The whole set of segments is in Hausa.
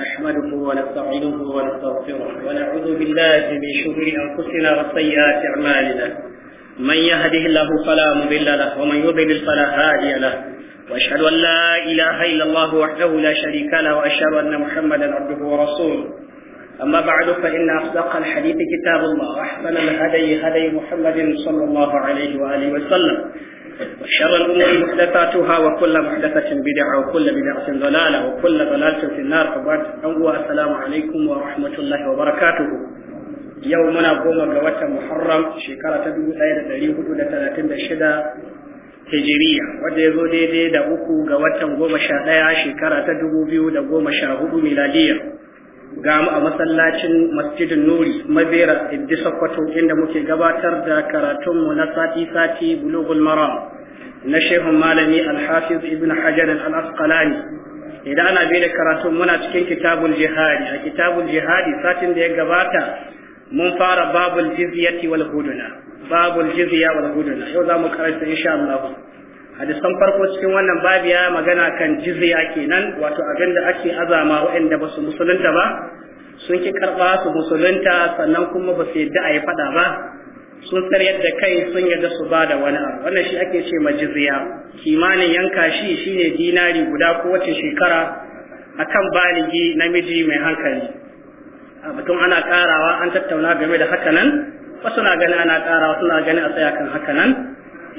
نحمده ونستعينه ونستغفره ونعوذ بالله من شرور انفسنا وسيئات اعمالنا من يهده الله فلا مضل له ومن يضلل فلا هادي له واشهد ان لا اله الا الله وحده لا شريك له واشهد ان محمدا عبده ورسوله اما بعد فان اصدق الحديث كتاب الله واحسن الهدي هدي محمد صلى الله عليه واله وسلم وشر الأمور محدثاتها وكل محدثة بدعة وكل بدعة ضلالة وكل ضلالة في النار فبعد أنقوى السلام عليكم ورحمة الله وبركاته يومنا قوم قوات محرم شكرة تدو سيدة دريه دولة ثلاثين دشدة hijiriya wanda ya zo daidai da uku ga watan goma sha ɗaya shekara ta dubu biyu da goma sha hudu miladiyya ga mu a masallacin masjidin nuri mabera ibdi sokoto inda muke gabatar da karatunmu na sati-sati bulugul maram na shehun malami alhafiz ibn hajar al-asqalani idan ana bai da karatun muna cikin kitabul jihadi a kitabul jihadi satin da ya gabata mun fara babul jizyati wal huduna babul jizya wal huduna yau za mu karanta insha Allah hadisan farko cikin wannan babu ya magana kan jizya kenan wato abin da ake azama waɗanda ba su musulunta ba sun ki karɓa su musulunta sannan kuma ba su yadda a yi faɗa ba sun san yadda kai sun yadda su ba da wani abu wannan shi ake ce ma jizya kimanin yanka shi shine dinari guda ko kowace shekara kan baligi namiji mai hankali A batun ana karawa an tattauna game da haka nan wasu na gani ana karawa suna gani a tsaya kan haka nan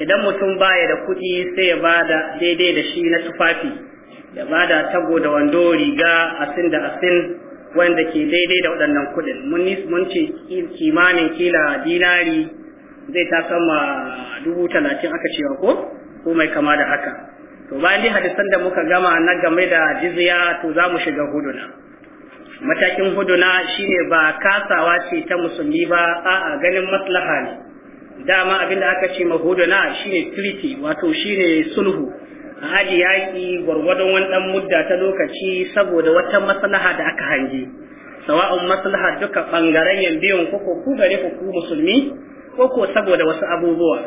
idan mutum baya da kuɗi sai ya bada daidai da shi na tufafi ya bada tago da wando riga asin da asin wanda ke daidai da waɗannan kuɗin mun ce kimanin kila dinari zai ta sama dubu talatin aka cewa ko ko mai kama da haka to bayan dai hadisan da muka gama na game da jizya to za mu shiga huduna matakin huduna shine ba kasawa ce ta musulmi ba a'a ganin maslaha ne dama abin da aka ce mahudana shine treaty wato shine sulhu a haji yaƙi gwargwadon wani ɗan mudda ta lokaci saboda wata maslaha da aka hange sawa'un maslaha duka ɓangaren yambiyon koko ku gare ku ku musulmi koko saboda wasu abubuwa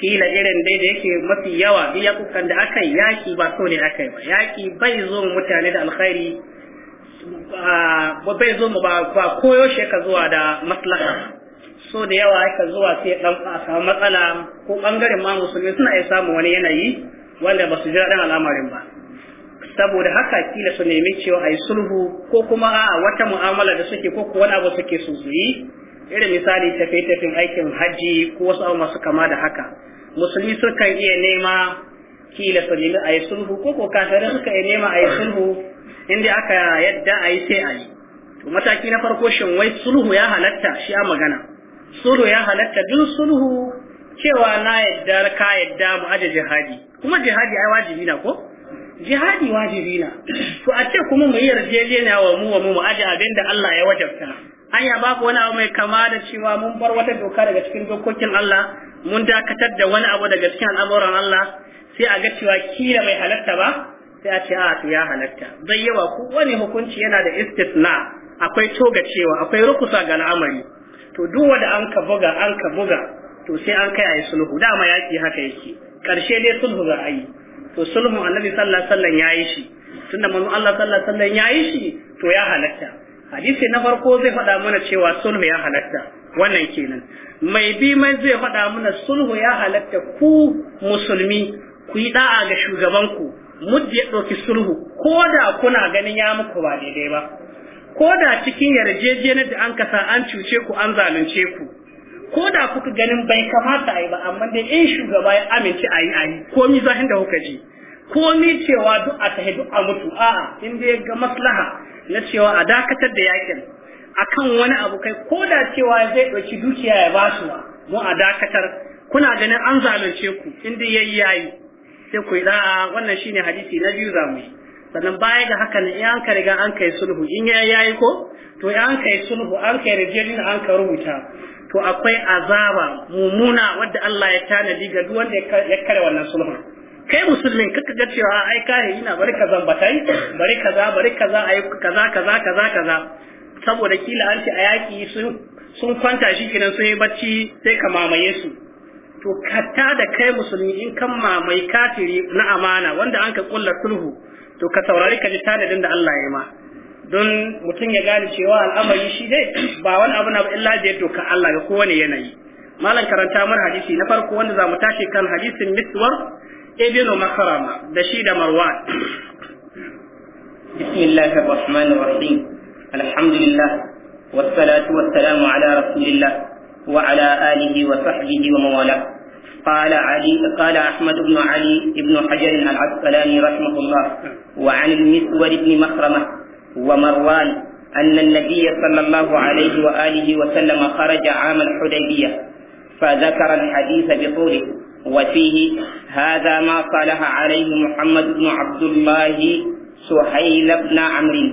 kila irin dai da yake mafi yawa iyakukan da aka yi yaƙi ba so ne aka yi ba yaƙi bai zo mutane da alkhairi bai zo ba koyo shi ka zuwa da maslaha so da yawa aka zuwa sai dan a matsala ko bangaren ma musulmi suna iya samun wani yanayi wanda ba su ji daɗin al'amarin ba saboda haka kila su nemi cewa a sulhu ko kuma a wata mu'amala da suke ko wani abu suke su yi irin misali tafiye-tafiyen aikin hajji ko wasu abu masu kama da haka musulmi sukan iya nema kila su nemi a sulhu ko ko kafirai suka iya nema a yi sulhu inda aka yadda a sai a To mataki na farko shin wai sulhu ya halatta shi a magana sulhu ya halatta duk sulhu cewa na yadda ka yadda mu aje jihadi kuma jihadi ai wajibi na ko jihadi wajibi na to a ce kuma mu yi yarjejeniya wa mu wa mu aje abin da Allah ya wajabta An anya babu wani abu mai kama da cewa mun bar wata doka daga cikin dokokin Allah mun dakatar da wani abu daga cikin al'amuran Allah sai a ga cewa kila mai halatta ba sai a ce a to ya halatta bai yawa ko wani hukunci yana da istisna akwai toga cewa akwai rukusa ga al'amari to duk wanda an ka buga an ka buga to sai an kai ayi sulhu dama yaki haka yake Ƙarshe dai sulhu za a to sulhu annabi sallallahu alaihi wasallam yayi shi tunda manzo Allah sallallahu alaihi wasallam yayi shi to ya halatta hadisi na farko zai faɗa mana cewa sulhu ya halatta wannan kenan mai bi mai zai faɗa mana sulhu ya halatta ku musulmi ku yi da'a ga shugabanku muddi ya ɗauki sulhu ko da kuna ganin ya muku ba daidai ba ko da cikin yarjejeniyar da an kasa an cuce ku an zalunce ku ko da kuka ganin bai kamata a yi ba amma dai in shugaba ya amince a yi a yi komi zahin da kuka ji komi cewa duk a tahi duk a mutu a'a in dai ga maslaha na cewa a dakatar da yakin akan wani abu kai ko da cewa zai ɗauki dukiya ya ba su mu a dakatar kuna ganin an zalunce ku in dai yayi yayi sai ku yi da'a wannan shine hadisi na biyu za mu yi sannan baya ga haka in an ka riga an kai sulhu in ya yayi ko to in an kai sulhu an kai rijiyoyin an ka rubuta to akwai azaba mumuna wadda Allah ya tanadi ga duk wanda ya kare wannan sulhu. kai musulmin kaka ga cewa ai kare ina bari kaza batai bari kaza bari kaza ai kaza kaza kaza kaza saboda kila an ce a yaki sun sun kwanta shi kenan sun yi bacci sai ka mamaye su to katta da kai musulmi in kan mamaye kafiri na amana wanda an ka kulla sulhu to ka saurari ka ji tanadin da Allah ya ma don mutum ya gane cewa al'amari shi dai ba wani abu na ba illa da doka Allah ga kowane yanayi malam karanta mun hadisi na farko wanda za mu tashi kan hadisin miswar ibn makarama da shi da marwan bismillahir rahmanir rahim alhamdulillah wassalatu wassalamu ala rasulillah wa ala alihi wa sahbihi wa mawalah قال علي قال احمد بن علي بن حجر العسقلاني رحمه الله وعن المسور بن مخرمه ومروان ان النبي صلى الله عليه واله وسلم خرج عام الحديبيه فذكر الحديث بطوله وفيه هذا ما صالح عليه محمد بن عبد الله سهيل بن عمرو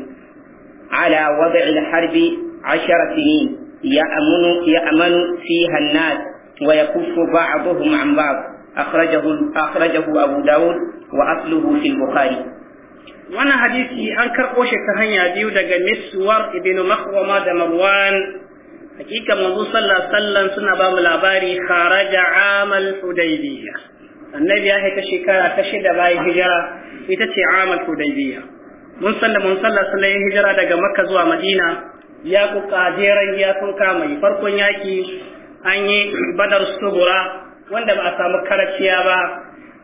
على وضع الحرب عشر سنين يأمن يأمن فيها الناس ويكف بعضهم عن بعض أخرجه أخرجه أبو داود وأصله في البخاري وانا حديثي أنكر قوشة هنيا يديو دقا مسور ابن مخرمة دمروان حقيقة منذ صلى الله عليه وسلم سنة بام الأباري خرج عام الحديبية النبي يا تشكا تشد باي هجرة يتتي عام الحديبية mun salla mun salla sallai hijira daga makka zuwa madina ya ku kajeran ya sun kama farkon yaki an yi badar subura wanda ba a samu karaciya ba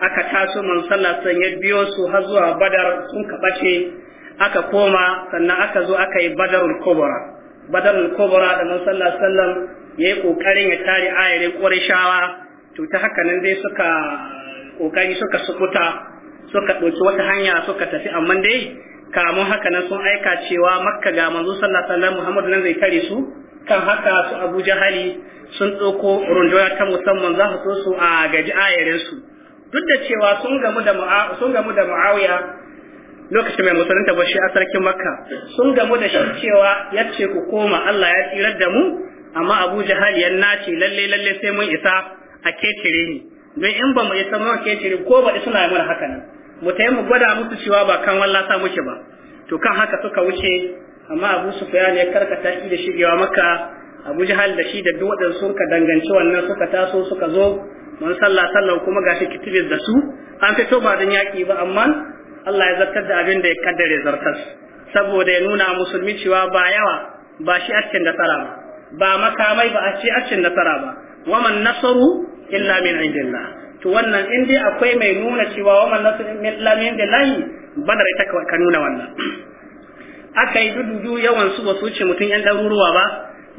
aka taso man sallah sun ya biyo su har zuwa badar sun kabace aka koma sannan aka zo aka yi badarul kubra badarul kubra da man sallah sallam ya yi kokarin ya tare ayarin qurayshawa to ta haka nan dai suka kokari suka sukuta suka ɗauki wata hanya suka tafi amma dai kamun haka nan sun aika cewa makka ga manzo sallallahu alaihi wasallam muhammadu nan zai kare su kan haka su abu jahali sun ɗauko rundunar ta musamman za su so su a gaji ayarinsu duk da cewa sun gamu da sun lokacin mai musulunta ba shi a sarkin makka sun gamu da shi cewa ya ce ku koma allah ya tsirar da mu amma abu jahal ya nace lalle lalle sai mun isa a kecire ni don in ba mu isa mun kecire ko ba suna yi mana haka nan mu yi mu gwada musu cewa ba kan wallasa muke ba to kan haka suka wuce amma abu sufyan ya karkata shi da shigewa makka abu jahal da shi da duk waɗanda suka ka danganci wannan suka taso suka zo mun sallah sallah kuma gashi kitibis da su an fito ba don yaƙi ba amma Allah ya zartar da abin da ya kaddare zartar saboda ya nuna musulmi cewa ba yawa ba shi askin nasara ba ba makamai ba a ce askin nasara ba waman nasaru illa min indillah to wannan in dai akwai mai nuna cewa waman nasaru illa min indillah badar ita ka nuna wannan aka yi dudu yawan su ba su ce mutum yan ɗaruruwa ba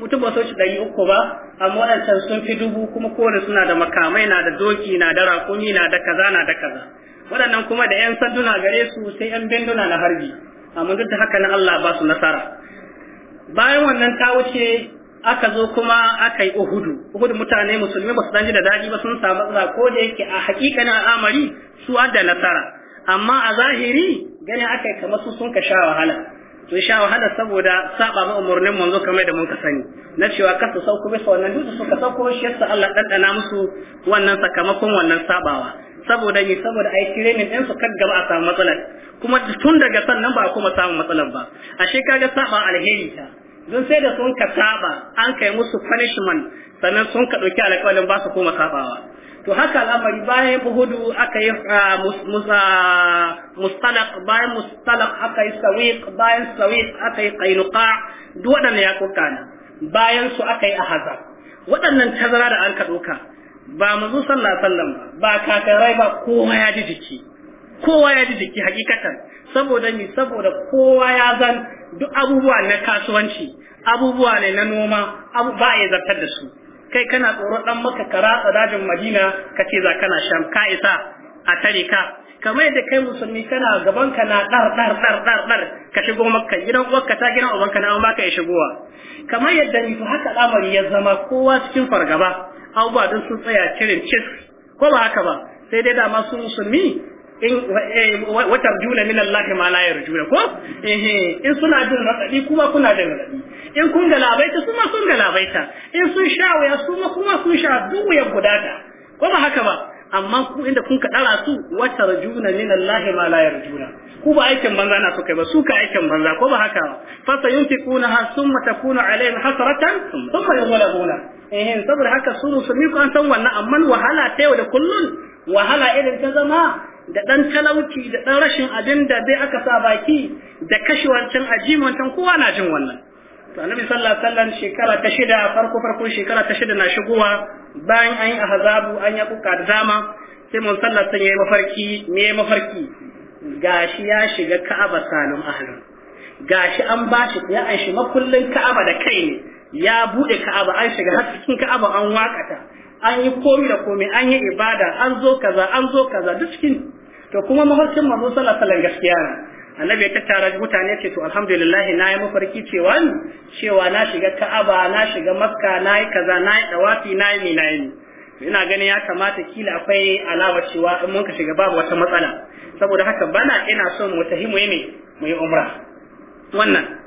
mutum ba shi ɗari uku ba amma waɗancan sun fi dubu kuma kowane suna da makamai na da doki na da rakumi na da kaza na da kaza waɗannan kuma da 'yan sanduna gare su sai 'yan binduna na harbi amma duk da haka na Allah ba su nasara bayan wannan ta wuce aka zo kuma aka yi uhudu uhudu mutane musulmi ba su danji da daɗi ba sun samu matsala ko da yake a hakikanin al'amari su da nasara amma a zahiri ganin aka yi kamar su sun ka sha wahala to sha wahala saboda saba ma umurnin manzo kamar da mun ka sani na cewa su sauko bisa wannan dutse ka sauko shi yasa Allah ɗanɗana musu wannan sakamakon wannan sabawa saboda ni saboda ai training din su kan gaba a samu matsala kuma tun daga sannan ba a kuma samu matsalar ba ashe kaga saba alheri ta don sai da sun ka saba an kai musu punishment sannan sun ka dauki alƙawarin ba su koma sabawa to haka al'amari bayan buhudu aka yi mustalaq bayan mustalaq aka yi sawiq bayan sawiq aka yi qainuqa duk waɗannan ya ne bayan su aka yi ahzab waɗannan tazara da an ka doka ba manzo sallallahu alaihi wasallam ba kafirai ba kowa ya ji jiki kowa ya ji jiki hakikatan saboda ni saboda kowa ya zan duk abubuwa na kasuwanci abubuwa ne na noma ba a yi zartar da su kai kana tsoron dan maka kara dajin madina kace za kana sham ka isa a tare ka kamar yadda kai musulmi kana gaban ka na dar dar dar dar dar ka shigo makka gidan uwarka ta gidan ubanka na amma ka yi shigowa kamar yadda ni haka al'amari ya zama kowa cikin fargaba abubuwa sun tsaya kirin cis ko ba haka ba sai dai dama su musulmi in wata eh, juna min Allah ma la yarjuna ko in suna jin radadi kuma kuna jin radadi in kun galabaita su ma sun labaita? in sun sha waya su kuma sun sha duk ya gudata ko ba haka ba amma ku inda kun ka dara su wata rajuna min Allah ma la yarjuna ku ba aikin banza na suka ba su ka aikin banza ko ba haka fa sayunfikuna ha summa takunu alaihim hasratan thumma yughlabuna eh saboda haka su musulmi ku an san wannan amma wahala ta yau da kullun wahala irin ta zama da ɗan talauci da ɗan rashin abin da zai aka sa baki da kashe wancan aji wancan kowa na jin wannan to annabi sallallahu alaihi wasallam shekara ta shida farko farko shekara ta shida na shigowa bayan an yi ahzabu an yi kuka da dama sai mun sallallahu alaihi yayi mafarki me mafarki gashi ya shiga Ka'aba salum ahlun gashi an bashi ya an makullin Ka'aba da kai ne ya bude Ka'aba an shiga har cikin Ka'aba an wakata an yi komi da komi an yi ibada an zo kaza an zo kaza duk cikin to kuma mahaukin manzo sallallahu alaihi gaskiya ne annabi ya tattara mutane ce to alhamdulillah na yi mafarki cewa cewa na shiga ka'aba na shiga makka na yi kaza na yi dawafi na yi na yi ina ganin ya kamata kila akwai alawa cewa in mun ka shiga babu wata matsala saboda haka bana ina son mutahimu ne mu umra wannan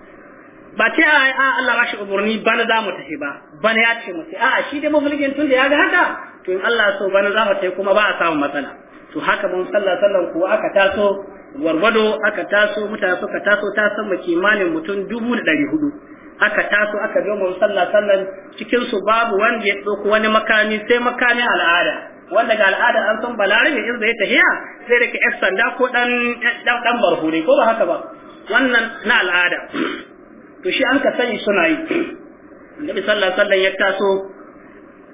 ba ce a a Allah ba shi umarni bana za mu tafi ba bana ya ce mu sai a'a shi dai mafulkin tun da ya ga haka to in Allah so bana za mu tafi kuma ba a samu matsala to haka mun sallah sallan kuwa aka taso warwado aka taso mutane suka taso ta sama kimanin mutum dubu da ɗari hudu aka taso aka zo mun sallah sallan cikin su babu wanda ya ɗauko wani makami sai makamin al'ada wanda ga al'ada an san balarabe in zai tahiya sai da ke sanda ko dan dan barhure ko ba haka ba wannan na al'ada to shi an ka sani suna yi annabi sallallahu alaihi wasallam ya taso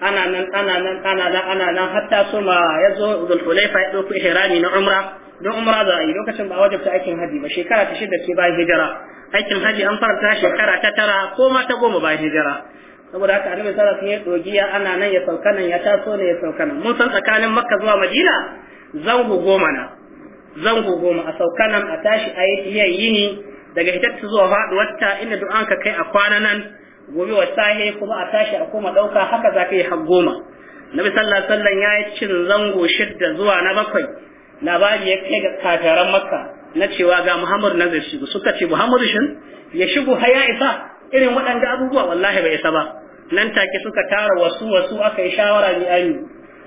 ana nan ana nan ana nan ana nan har taso ma ya zo Dhul Hulaifa ya dauko ihrami na umra don umra za a yi lokacin ba wajabta aikin haji ba shekara ta shida ce bayan hijira aikin haji an faranta shekara ta tara ko ma ta goma bayan hijira saboda haka annabi sallallahu alaihi wasallam ya dogiya ana nan ya sauka nan ya taso ne ya sauka nan mun san tsakanin makka zuwa madina zango goma na zango goma a sauka nan a tashi a yi yini daga ta zuwa faduwarta inda du'anka ka kai a kwana nan gobe wa sahe kuma a tashi a koma dauka haka za ka yi har goma nabi sallallahu alaihi wasallam ya yi cin zango shidda zuwa na bakwai labari ya kai ga kafiran makka na cewa ga muhammad na zai shigo suka ce muhammad shin ya shigo har ya isa irin waɗanda abubuwa wallahi bai isa ba nan take suka tara wasu wasu aka yi shawara ni ani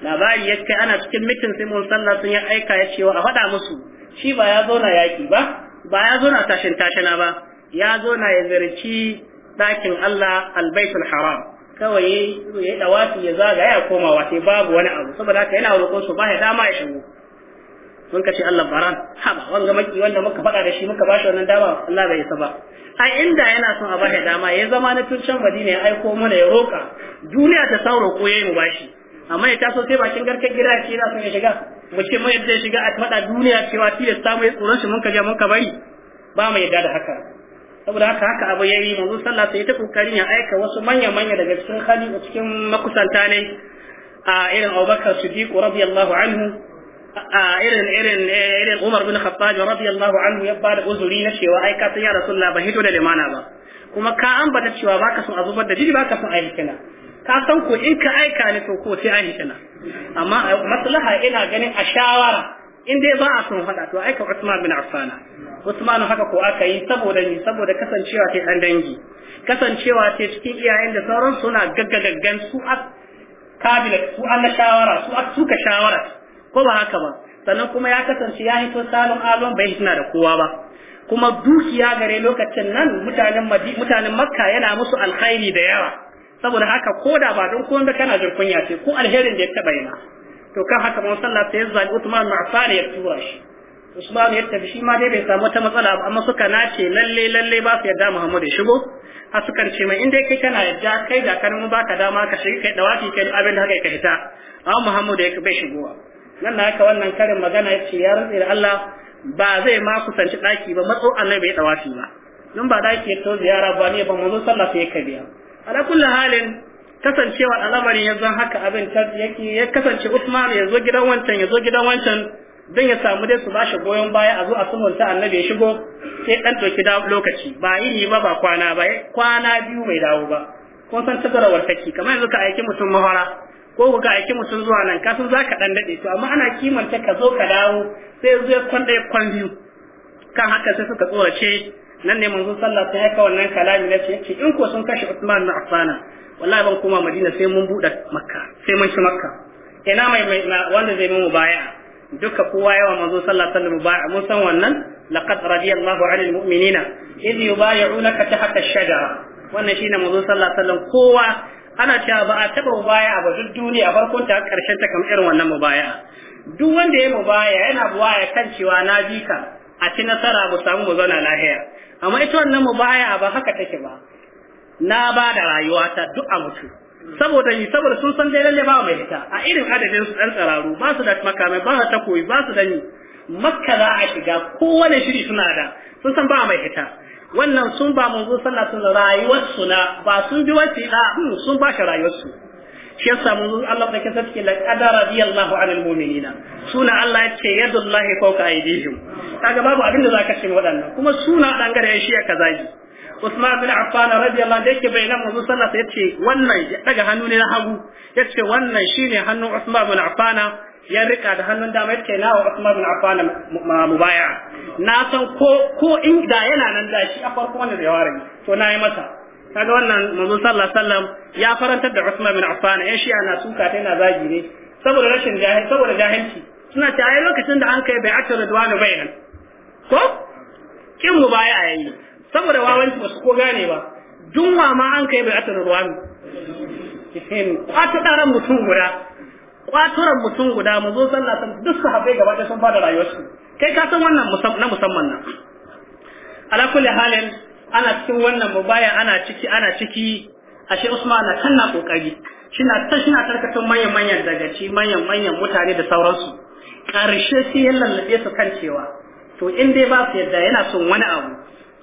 labari ya kai ana cikin mitin sai mun sallah sun ya aika ya cewa a faɗa musu shi ba ya zo na yaƙi ba ba ya zo na tashin tashina ba ya zo na ya zarci dakin Allah albaitul haram kawai ya yi dawati ya zaga ya koma wa babu wani abu saboda haka yana roƙon su ba ya dama ya shigo sun kace Allah baran ba wanga maki wanda muka faɗa da shi muka ba shi wannan dama Allah bai yasa ba ai inda yana son a ba dama ya zama na turcan Madina ya aiko mana ya roƙa duniya ta sauro ko yayi mu bashi amma ya taso sai bakin garkar gida ce za su ya shiga mu ce mai yadda ya shiga a faɗa duniya cewa ya samu ya tsoron shi mun ka ja mun ka bari ba mu yadda da haka saboda haka haka abu ya yi manzo sallah sai ta kokarin ya aika wasu manya manya daga cikin hali a cikin makusanta ne a irin Bakar Siddiq radiyallahu anhu a irin irin irin Umar bin Khattab radiyallahu anhu ya bada uzuri na cewa ai ka san ya rasulullahi ba hito da limana ba kuma ka ambata cewa baka son azubar da jini baka son ayi kina ka san ko in ka aika ni to ko sai an kana amma maslaha ina ganin a shawara in dai ba a son fada to aika Usman bin Affan Usman haka ko aka yi saboda ni saboda kasancewa ta dan dangi kasancewa ta cikin iyayen da sauran suna gaggagaggan su a kabila su an shawara su a suka shawara ko ba haka ba sannan kuma ya kasance ya hito salon alon bai tana da kowa ba kuma dukiya gare lokacin nan mutanen mutanen makka yana musu alkhairi da yawa saboda haka ko da ba don kowanda kana jin kunya ce ko alherin da ya taba yana to kan haka mun sallah sai zaɓi Uthman ma Affan ya tura shi Usman ya tafi shi ma dai bai samu wata matsala ba amma suka nace lalle lalle ba su yarda Muhammad ya shigo a suka ce mai inda kai kana yarda kai da kanin ba baka dama ka shiga kai dawaki kai abin da haka ka hita amma Muhammad ya bai shigowa nan na haka wannan karin magana ya ce ya rantsi da Allah ba zai ma kusanci daki ba matso Allah bai dawaki ba nan ba daki ya to ziyara ba ne ba mun sallah sai ka biya ala kulli halin kasancewa al'amarin ya zan haka abin yake ya kasance Usman ya zo gidan wancan ya zo gidan wancan don ya samu dai su bashi goyon baya a zo a ta annabi ya shigo sai dan doki da lokaci ba yini ba ba kwana ba kwana biyu bai dawo ba kun san tazarawar take kamar yanzu ka aiki mutum mahara ko ku ka aiki mutum zuwa nan ka san ka dan dade to amma ana kimanta ka zo ka dawo sai yanzu ya kwanda ya kwan biyu kan haka sai suka tsorace nan ne manzon sallah sai haka wannan kalami na ce yace in ko sun kashe Uthman na Affana wallahi ban koma Madina sai mun buɗe Makka sai mun shi Makka ina mai wanda zai mun baya duka kowa yawa manzo sallallahu alaihi wasallam baya mun san wannan laqad radiyallahu anil mu'minina idh yubayyi'unaka tahta ash-shajara wannan shine manzo sallallahu alaihi wasallam kowa ana cewa ba a taba mubaya'a ba duk duniya farkon ta ƙarshen ta kamar irin wannan mubaya'a duk wanda ya mubaya yana buwaya kan cewa na bi ka a ci nasara mu samu mu zauna lahiya amma ita wannan baya ba haka take ba na ba da ta duk a mutu saboda ni saboda sun san dai lalle ba mai ita a irin adadin su dan tsararu ba su da makamai ba su koyi ba su da ni makka za a shiga kowane shiri suna da sun san ba mai ita wannan sun ba mun zo sallah sun rayuwar su na ba sun bi wasi da hmm, sun ba shi rayuwar su shi yasa mun Allah da la take laqad radiyallahu anil mu'minina suna Allah yace yadullahi fawqa aydihim kaga babu abin da zaka ce waɗannan. kuma suna dan gare shi ya kazaji Usman bin Affan radiyallahu anhu yake bayanan manzo sallallahu alaihi yace wannan ya daga hannu ne na hagu yace wannan shine hannun Usman bin Affan ya rika da hannun dama yace na wa Usman bin Affan mubaya na san ko ko in da yana nan da shi a farko wannan da ya ware to na yi masa kaga wannan manzon sallallahu alaihi wasallam ya farantar da Uthman bin Affan ya shi ana suka ta zagi ne saboda rashin jahil saboda jahilci suna ta ayi lokacin da an kai bai'atul bai bainan ko kin mu baya ayi saboda wawanci su ko gane ba dunwa ma an kai bai'atul ridwan kin kwato daren mutum guda kwaturan mutum guda manzon sallallahu alaihi wasallam duk sahabbai gaba da sun fada rayuwarsu kai ka san wannan na musamman nan ala kulli halin ana cikin wannan mubaya ana ciki ana ciki ashe Usman na kan kokari shina ta shina tarkatan manyan manyan dagaci manyan manyan mutane da sauransu karshe shi ya lallabe su kan cewa to in dai ba su yadda yana son wani abu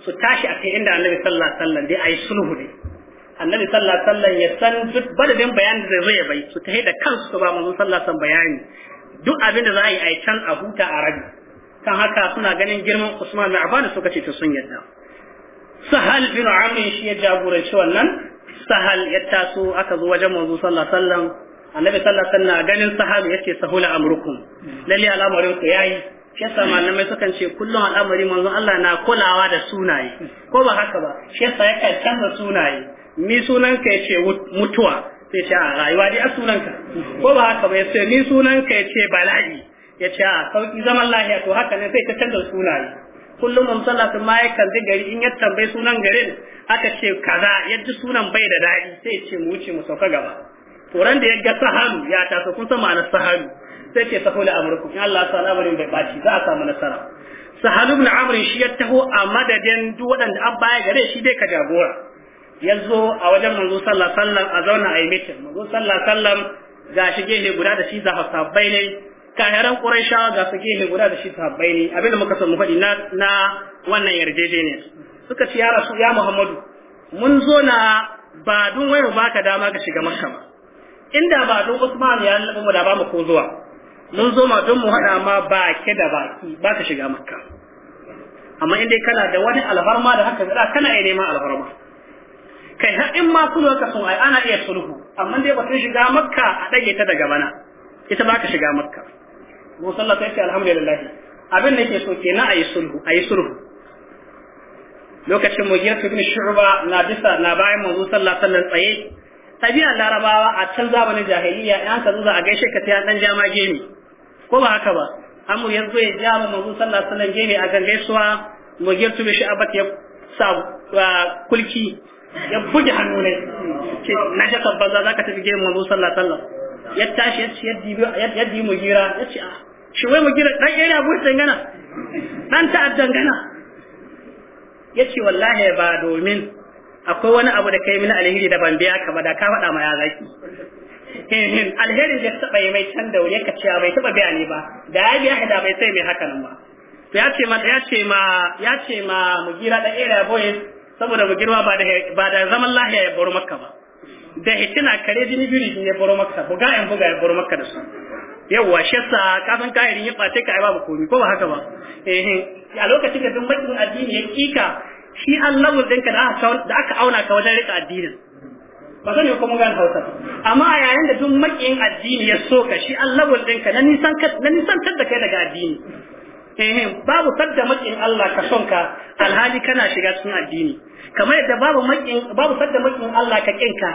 su tashi akai inda Annabi sallallahu alaihi wasallam dai ayi sulhu ne Annabi sallallahu alaihi wasallam ya san duk badadin bayanin da zai bai su tahi da kansu ba manzo sallallahu alaihi wasallam bayani duk abin da za a yi a can a huta a rabi kan haka suna ganin girman Usman bin Affan suka ce to sun yadda sahal bin Amin shi ya jagoranci wannan sahal ya taso aka zo wajen manzo sallallahu alaihi wasallam annabi sallallahu alaihi wasallam ganin sahabi yake sahula amrukum lalle al'amarin ku yayi shi yasa malamai sukan ce kullum al'amari manzo Allah na kulawa da sunaye ko ba haka ba shi yasa yakan canza sunaye ni sunan ka yace mutuwa sai ce a rayuwa dai a sunan ka ko ba haka ba yace ni sunan ka yace bala'i yace a sauki zaman lahiya to haka ne sai ta canza sunaye kullum mun sallah sun ma yakan gari in ya tambayi sunan garin aka ce kaza yadda sunan bai da daɗi sai ce mu wuce mu sauka gaba to ran da ya ga saharu ya taso kun san ma'anar saharu sai ce da amurku in Allah sa lamarin bai baci za a samu nasara sahalu ibn amr shi ya taho a madadin duk waɗanda an baya gare shi dai ka jagora ya zo a wajen manzo sallallahu alaihi wasallam a zauna a yi mitin manzo sallallahu alaihi wasallam ga shi gehe guda da shi zafa sabbai ne kahiran quraishawa ga su gehe guda da shi sahabbai ne abinda muka san mu faɗi na na wannan yarjejeniya suka ce ya rasu ya muhammadu mun zo na ba dun wayo baka dama ka shiga makka ba inda ba dun usman ya nabi mu da ba mu ko zuwa mun zo ma don mu haɗa ma baki da baki ba ka shiga makka amma in dai kana da wani alfarma da haka zira kana ai neman alfarma kai har in ma sulhu ka so ai ana iya sulhu amma dai batun shiga makka a dage ta daga bana ita ba ka shiga makka mu sallata yake ce alhamdulillah abin da yake so kenan ayi sulhu ayi sulhu lokacin mugiyar ibn shu'ba na bisa na bayan manzo sallah sallan tsaye tabi'a larabawa a can zamanin jahiliya in ka zuza a gaishe ka ta dan jama gemi ko ba haka ba amur yanzu ya jama manzo sallah sallan gemi a mu mugiyar ibn shu'ba ya sa uh, kulki ya buge hannu ne ce na jaka banza zaka tafi gemi manzo sallah sallan ya tashi ya ce ya mu gira ya ce a ah, shi wai gira dan area boy dangana dan ta dangana ya ce wallahi ba domin akwai wani abu da kai mini alheri da ban biya ka ba da ka faɗa ma ya zaki eh, alherin da taɓa yi mai can da wuri ka ce ah, bai taɓa biya ne ba da ya biya da bai sai mai haka nan ba to ya ce ma ya ce ma ya ce ma gira dan area boy saboda mu ba da ba da zaman lahiya ya bar maka ba da hitina kare jini biri ne baro maka buga en buga boro baro maka da su yawa shi yasa kafin kahirin ya bace ka ai babu komi ko ba haka ba eh a lokacin da duk makin addini ya kika shi Allah ɗinka da aka da aka auna ka wajen rika addinin ba sani ko mun gane Hausa amma a yayin da duk makin addini ya soka shi Allah ɗinka na nisan na nisan da kai daga addini eh babu sadda makin Allah ka son ka alhali kana shiga cikin addini kamar yadda babu makin babu sadda makin Allah ka kinka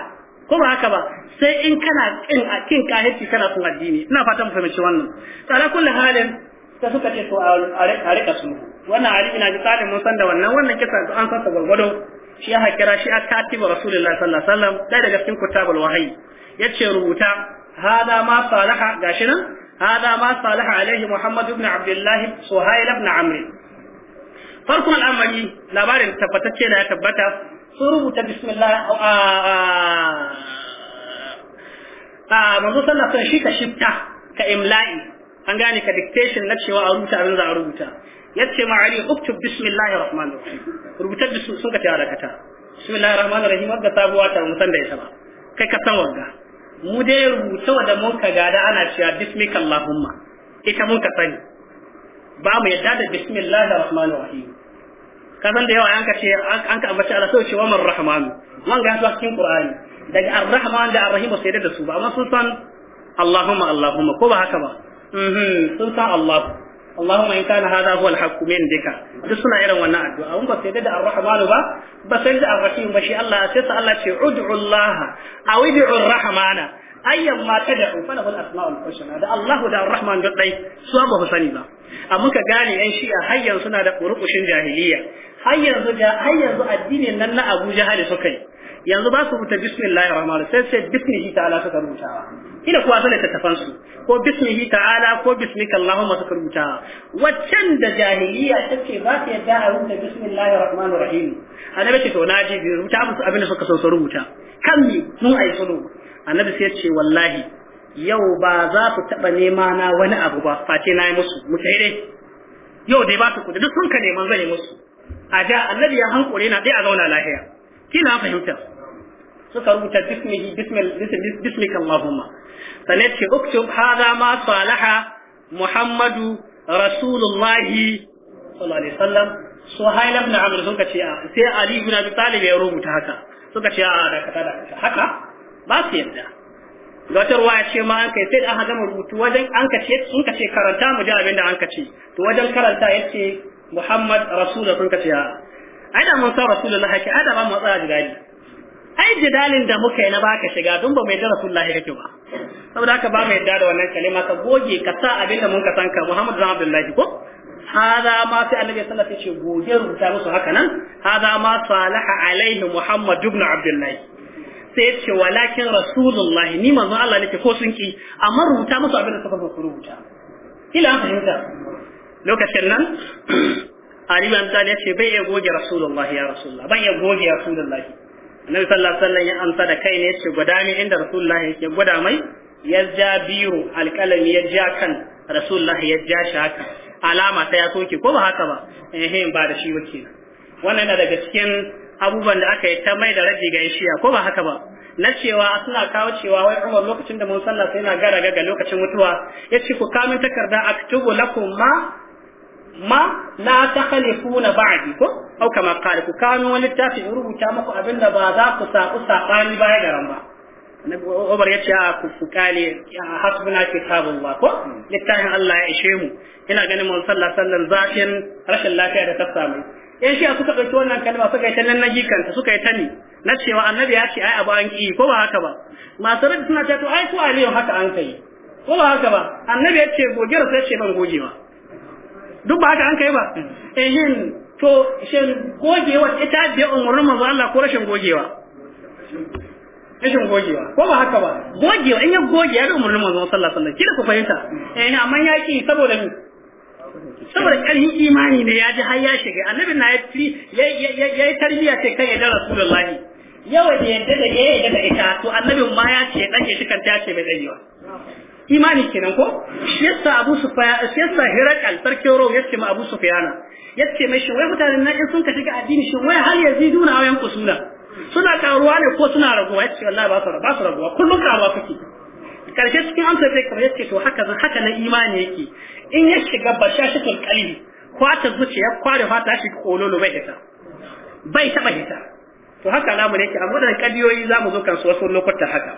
ko ba haka ba sai in kana kin a kin kahirci kana son addini ina fatan mu fahimci wannan tsara kullu halin ta suka ce to a rika su wannan ali ina ji tsalin mun san da wannan wannan kisa an san ta gwargwado shi aka kira shi aka katiba rasulullahi sallallahu alaihi wasallam dai daga cikin kutabul wahyi yace rubuta hada ma salaha gashi nan Hada ma صالح عليه محمد بن عبد الله سهيل بن عمرو farkon al'amari labarin tabbatacce na ya tabbata sun rubuta bismillah a manzo sallah sun shi ka shifta ka imla'i an gane ka dictation na cewa a rubuta abin za a rubuta yace ma ali uktub bismillahir rahmanir rahim rubuta bismu sun ka ta dakata bismillahir rahmanir rahim wanda sabuwa ta musan da ita ba kai ka san wanga mu dai rubuta wanda mun ka gada ana cewa bismika allahumma ita mun ka sani ba mu yadda da bismillahir rahmanir rahim kasan da yawa an ka ce an ka ambaci Allah sai ce wa man rahman wanga ya zuwa cikin qur'ani daga ar-rahman da ar-rahim sai da su ba amma sun san Allahumma Allahumma ko ba haka ba mhm sun san Allah Allahumma in kana hadha huwa al-haqqu min dika duk suna irin wannan addu'a mun ba sai da ar-rahman ba ba sai da ar-rahim ba shi Allah sai sa Allah ce ud'u Allah aw ud'u ar-rahmana ayyan ma tad'u falahu al-asma'ul husna da Allahu da ar-rahman duk dai su ba sani ba amma ka gane yan shi'a hayyan suna da qurqushin jahiliya har yanzu ga har yanzu addinin nan na Abu hali suka yi yanzu ba su rubuta bismillahir rahmanir sai sai bismihi ta'ala suka rubuta. ina kuwa sai ta su ko bismihi ta'ala ko bismika allahumma suka rubuta. waccan da jahiliya take ba ta yadda a rubuta bismillahir rahmanir rahim annabi ce to naji bi rubuta musu abin da suka so su rubuta kan mi mun ai sulu annabi sai ya ce wallahi yau ba za ku taba nema na wani abu ba face na yi musu mu dai yau dai ba ku da duk sun ka neman zai musu a da annabi ya hankure na dai a zauna lahiya Kina fahimta suka rubuta bismihi bismika allahumma sannan ce uktub hada ma salaha muhammadu rasulullahi sallallahu alaihi wasallam so hailab na amir kace a. Ah, sai ali ibn abi talib ya rubuta haka suka ce a ah, da kata da haka ba su yadda ga wata ruwaya ce ma an kai sai an hada rubutu wajen an kace sun ka karanta mu ji abin da an kace. ce to wajen karanta yace muhammad rasulullah sun kace ha ai da mun san rasulullah kake ai da ba mu tsaya jidali ai jidalin da muka yi na baka shiga don ba mai da rasulullah kake ba saboda haka ba mu yadda da wannan kalima ka goge ka sa abin da mun ka san ka muhammad bin abdullah ko hada ma sai annabi sallallahu alaihi wasallam ce goge rubuta musu haka nan hada ma salaha alaihi muhammad ibn abdullah sai ya ce walakin rasulullahi ni manzon Allah nake ko sun ki amma rubuta musu abin da suka so rubuta kila an fahimta lokacin nan Ali bin Talib ce bai ya goge Rasulullahi ya Rasulullah ban ya goge Rasulullahi Annabi sallallahu alaihi wasallam ya amsa da kai ne ya ce gwada ne inda Rasulullahi yake gwada mai ya ja biyu alƙalami ya ja kan Rasulullahi ya ja shi haka alama ta ya soke ko ba haka ba eh ba da shi ba wannan yana daga cikin abubuwan da aka yi ta mai da rabi ga shiya ko ba haka ba na cewa suna kawo cewa wai Umar lokacin da mun sallah sai na gara ga lokacin mutuwa yace ku kamin takarda aktubu lakum ma ma la takhalifuna ba'di ko au kama da ku kano wani littafin in rubuta muku abinda ba za ku saku sabani baya garan ba Umar ya ce ku ku kale hasbuna kitabullah ko littafin Allah ya ishe mu ina ganin mu sallallahu sallan zakin rashin lafiya da ta samu yan shi suka ɗauki wannan kalma suka yi ta nan kanta suka yi ta ni na cewa annabi ya ce ai abu an ki ko ba haka ba masu rabbi suna ta to ai ko aliyu haka an kai ko ba haka ba annabi ya ce goge sai ce ban gogewa duk ba haka an kai ba ehin eh, to shin gogewa ita da umarnin manzo Allah ko rashin gogewa rashin gogewa ko ba haka ba gogewa in ya goge ya umarnin manzo sallallahu alaihi wasallam kida ku fahimta eh amma ya ki saboda saboda ƙarfin imani ne ya ji har ya shiga annabi na ya yi tarbiya ce kai ya da rasulullahi yawa da yadda da yadda da ita to annabin ma ya ce dan shi kanta ya ce bai ba. imani kenan ko shi yasa Abu Sufyan shi yasa Herakal sarkin Rom yace ma Abu Sufyan yace mai shi wai mutanen nan in sun ka shiga addini shi wai har na wayan kusuna suna karuwa ne ko suna raguwa yace Allah ba su ba su raguwa kullum karuwa suke karshe cikin amsa sai kamar yace to haka zan haka na imani yake in ya shiga bashashatul qalbi kwata zuciya kware fata shi kololo bai hita bai taba hita to haka namu ne yake amma da kadiyoyi zamu zo kan su wasu lokuta haka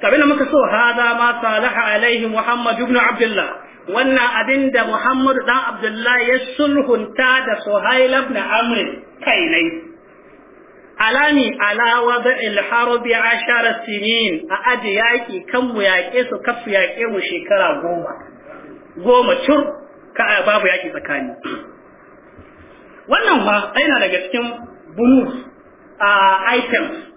kabin da muka so hada ma salaha alaihi muhammad ibn abdullah wannan abin da muhammad dan abdullah ya sulhunta da suhail ibn amr kainai alami ala wada alharbi ashara sinin a aji yaki kan mu yaƙe su kafu yaƙe mu shekara goma goma cur ka babu yaƙi tsakani wannan ma yana daga cikin bunus a items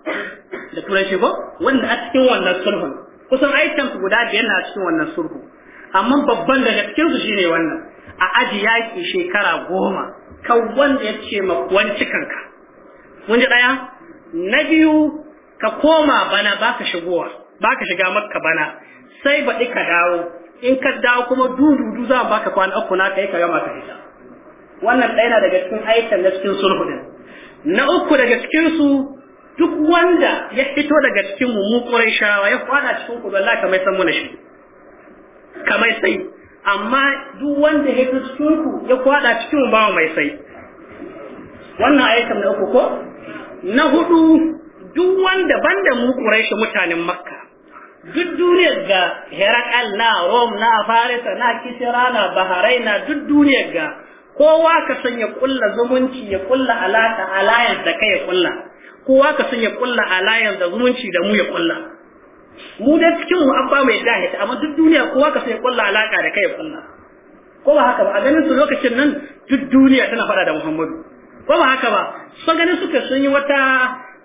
da turanci ko wanda a cikin wannan sulhun kusan aikin su guda biyar na cikin wannan sulhu amma babban daga cikin su shine wannan a aji yaki shekara goma kan wanda ya ce ma wani kanka mun ji daya na biyu ka koma bana baka shigowa baka shiga makka bana sai baɗi ka dawo in ka dawo kuma dududu za ba baka kwana uku na kai ka gama ka fita wannan ɗaya na daga cikin aikin na cikin sulhu din na uku daga cikin su duk wanda ya fito daga cikin mu shawa ya fada cikin ku Allah kamar san na shi kamar sai amma duk wanda ya fito cikin ku ya fada cikin ba mai sai wannan ayatan na uku ko na hudu duk wanda banda mu Quraysh mutanen Makka duk duniyar ga Herakal na rom na Farisa na Kisra na Bahrain na duk duniyar ga kowa ka sanya kulla zumunci ya kulla alaka alliance da kai ya kulla kowa ka san ya kulla alayan da zumunci da mu ya kulla mu da cikin mu an ba mai dahi amma duk duniya kowa ka san ya kulla alaka da kai ya kulla ko ba haka ba a ganin su lokacin nan duk duniya tana faɗa da Muhammadu ko ba haka ba sun ganin suka sun yi wata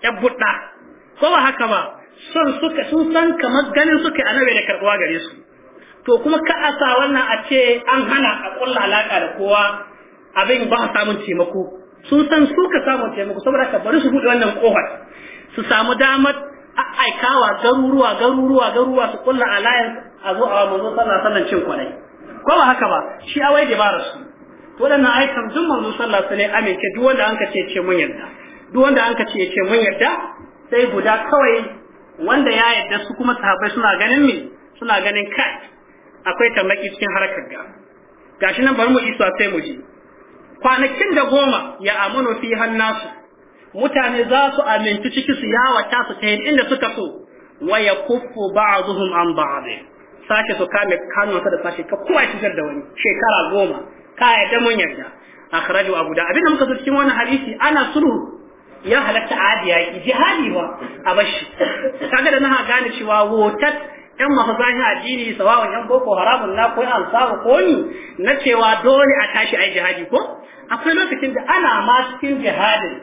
yabbuɗa ko ba haka ba son suka sun san kamar ganin suka annabi da karɓuwa gare su to kuma ka a sa wannan a ce an hana a kulla alaka da kowa abin ba a samun taimako sun san su ka samun taimako saboda ka bari su buɗe wannan kofar su samu damar aikawa garuruwa garuruwa garuruwa su kulla alayan a zo a manzo sallah sallan cin kwanai ko ba haka ba shi awai dabara su to dan aikan duk manzo sallah sallan amince duk wanda an ka ce ce mun yarda duk wanda an ka ce ce mun yarda sai guda kawai wanda ya yarda su kuma sahabbai suna ganin me suna ganin kai akwai tambaki cikin harkar ga gashi nan bari mu isa sai mu ji kwanakin da goma ya amanu fi hannasu mutane za su aminci ciki su yawata su ta inda suka so wa ya kuffu ba'dhum an ba'd sake su kame kanunsa da sake ka ya shigar da wani shekara goma ka yadda mun yarda akhraju abu da abinda muka so cikin wannan hadisi ana sulhu ya halatta adiya jihadi ba a bashi kaga da na gane cewa wotat yan mafasahin addini sawawan yan boko haramun na koyi an samu ko ni na cewa dole a tashi a yi jihadi ko akwai lokacin da ana ma cikin jihadin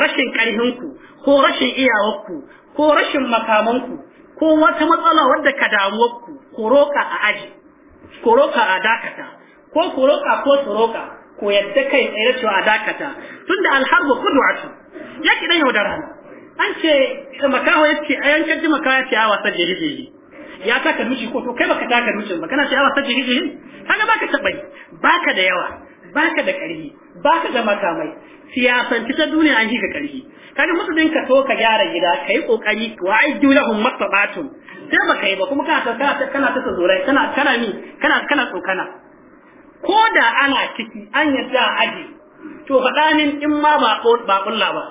rashin karhinku ko rashin iyawarku ko rashin makamanku ko wata matsala wadda ka damuwarku ko roka a aji ko a dakata ko ko ko tsoroka ko yadda kai tsaye cewa a dakata tunda alharbu kudu'atu yaki dan yau da rana an ce makaho yace ayan kaddi makaho ce a wasa jihadi ya taka nushi ko to kai baka taka nushin ba kana sha'awa ta jiri jirin kaga baka tabbai baka da yawa baka da karfi baka da makamai Siyasan ta duniya an shiga karfi kaga din ka so ka gyara gida kai kokari wa aidu lahum matabatun sai baka yi ba kuma kana ta kana ta kana ta zorai kana kana ni kana kana tsokana ko da ana ciki an yadda aji to faɗa min in ma ba ba kullaba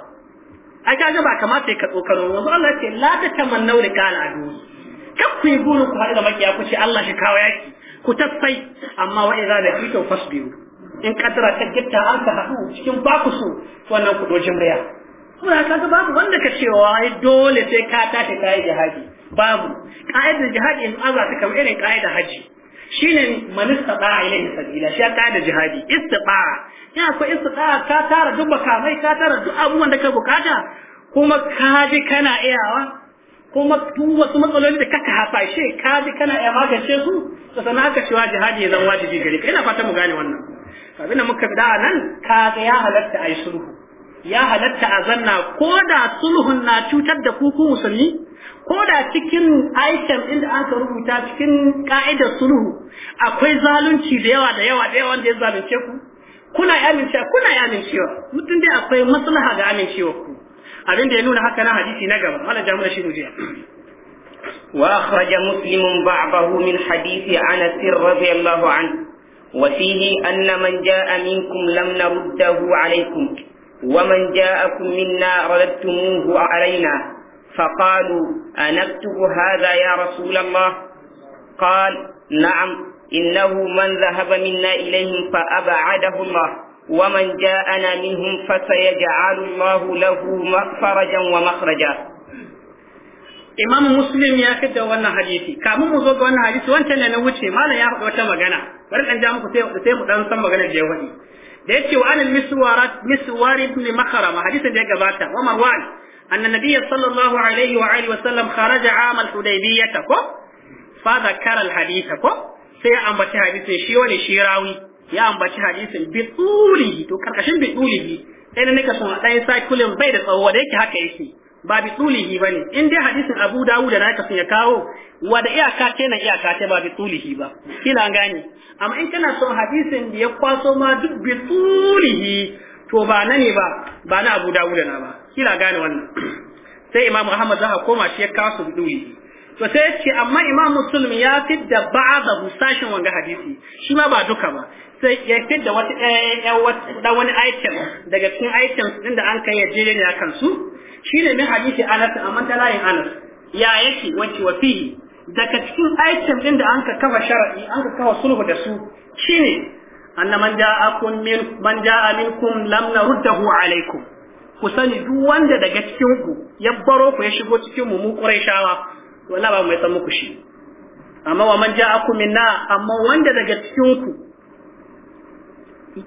ai kaje ba kamata ka tsokano wannan Allah ya ce la ta tamannu kala aduni kaf ku yi ku haɗu da makiya ku ce Allah shi kawo yaki ku tafai amma wa idza da fito fasbiru in kadara ta gitta an ka haɗu cikin baku su to wannan ku dojin riya kuma ga babu wanda ka cewa ai dole sai ka tashi kai jihadi babu ka'idar jihadi in Allah ta kamar irin ka'idar haji shine man a ilayhi sabila shi ka'idar jihadi istata'a ya akwai istata'a ka tara duk makamai ka tara duk abubuwan da ka bukata kuma ka ji kana iyawa kuma duk wasu matsaloli da kaka hasashe ka bi kana ya magance su to sanan cewa jihadi ya zama wajibi gare ka ina fata mu gane wannan abin da muka da nan ka ga ya halatta ayi sulhu ya halatta a zanna ko da sulhun na cutar da kuku musulmi ko da cikin item inda aka rubuta cikin ka'idar sulhu akwai zalunci da yawa da yawa da yawa ya zalunce ku kuna cewa kuna amincewa mutum dai akwai maslaha ga amincewa ku abin da ya nuna haka na hadisi na gaba wala jamu da shi ne wa akhraja muslim ba'dahu min hadisi wa fihi anna man jaa minkum lam naruddahu alaykum wa man jaa'akum minna radadtumuhu alayna فقالوا أنكتب هذا يا رسول الله قال نعم إنه من ومن جاءنا منهم فسيجعل الله له فرجا ومخرجا Imam Muslim ya fidda wannan hadisi kamun mu zo ga wannan hadisi wancan da na wuce malam ya faɗi wata magana bari dan ja muku sai mu dan san magana da ya faɗi da yace wa anil miswarat miswar ibn makhrama hadisin da ya gabata wa marwan anna nabiy sallallahu alaihi wa sai ya ambaci shi wani shi ya ambaci hadisin bi tsulihi to karkashin bi tsulihi sai na nika son ɗaya sakulin bai da tsawo da yake haka yake ba bi tsulihi ba ne in dai hadisin abu dawud da na kasu ya kawo wada iyaka ce na iyaka ta ba bi tsulihi ba kila gane amma in kana son hadisin da ya kwaso ma duk bi tsulihi to ba na ne ba ba na abu dawud na ba kila gane wannan sai imam muhammad zaka koma shi ya kawo su bi tsulihi to sai ya ce amma imam muslim ya fidda ba'da sashin wanga hadisi shi ma ba duka ba sai ya fidda wata eh, eh, da wani item daga cikin items din da an kai ya jere ne kansu shi ne min hadisi Anas amma ta layin Anas ya yake wace wa fihi daga cikin item din da an ka kafa shara'i an ka kafa sulhu da su shine anna man ja'akum min man ja'a minkum lam naruddahu alaykum ku sani duk wanda daga cikin ku ya baro ku ya shigo cikin mu mu Qurayshawa wallahi ba mai san muku shi amma wa man ja'akum minna amma wanda daga cikin ku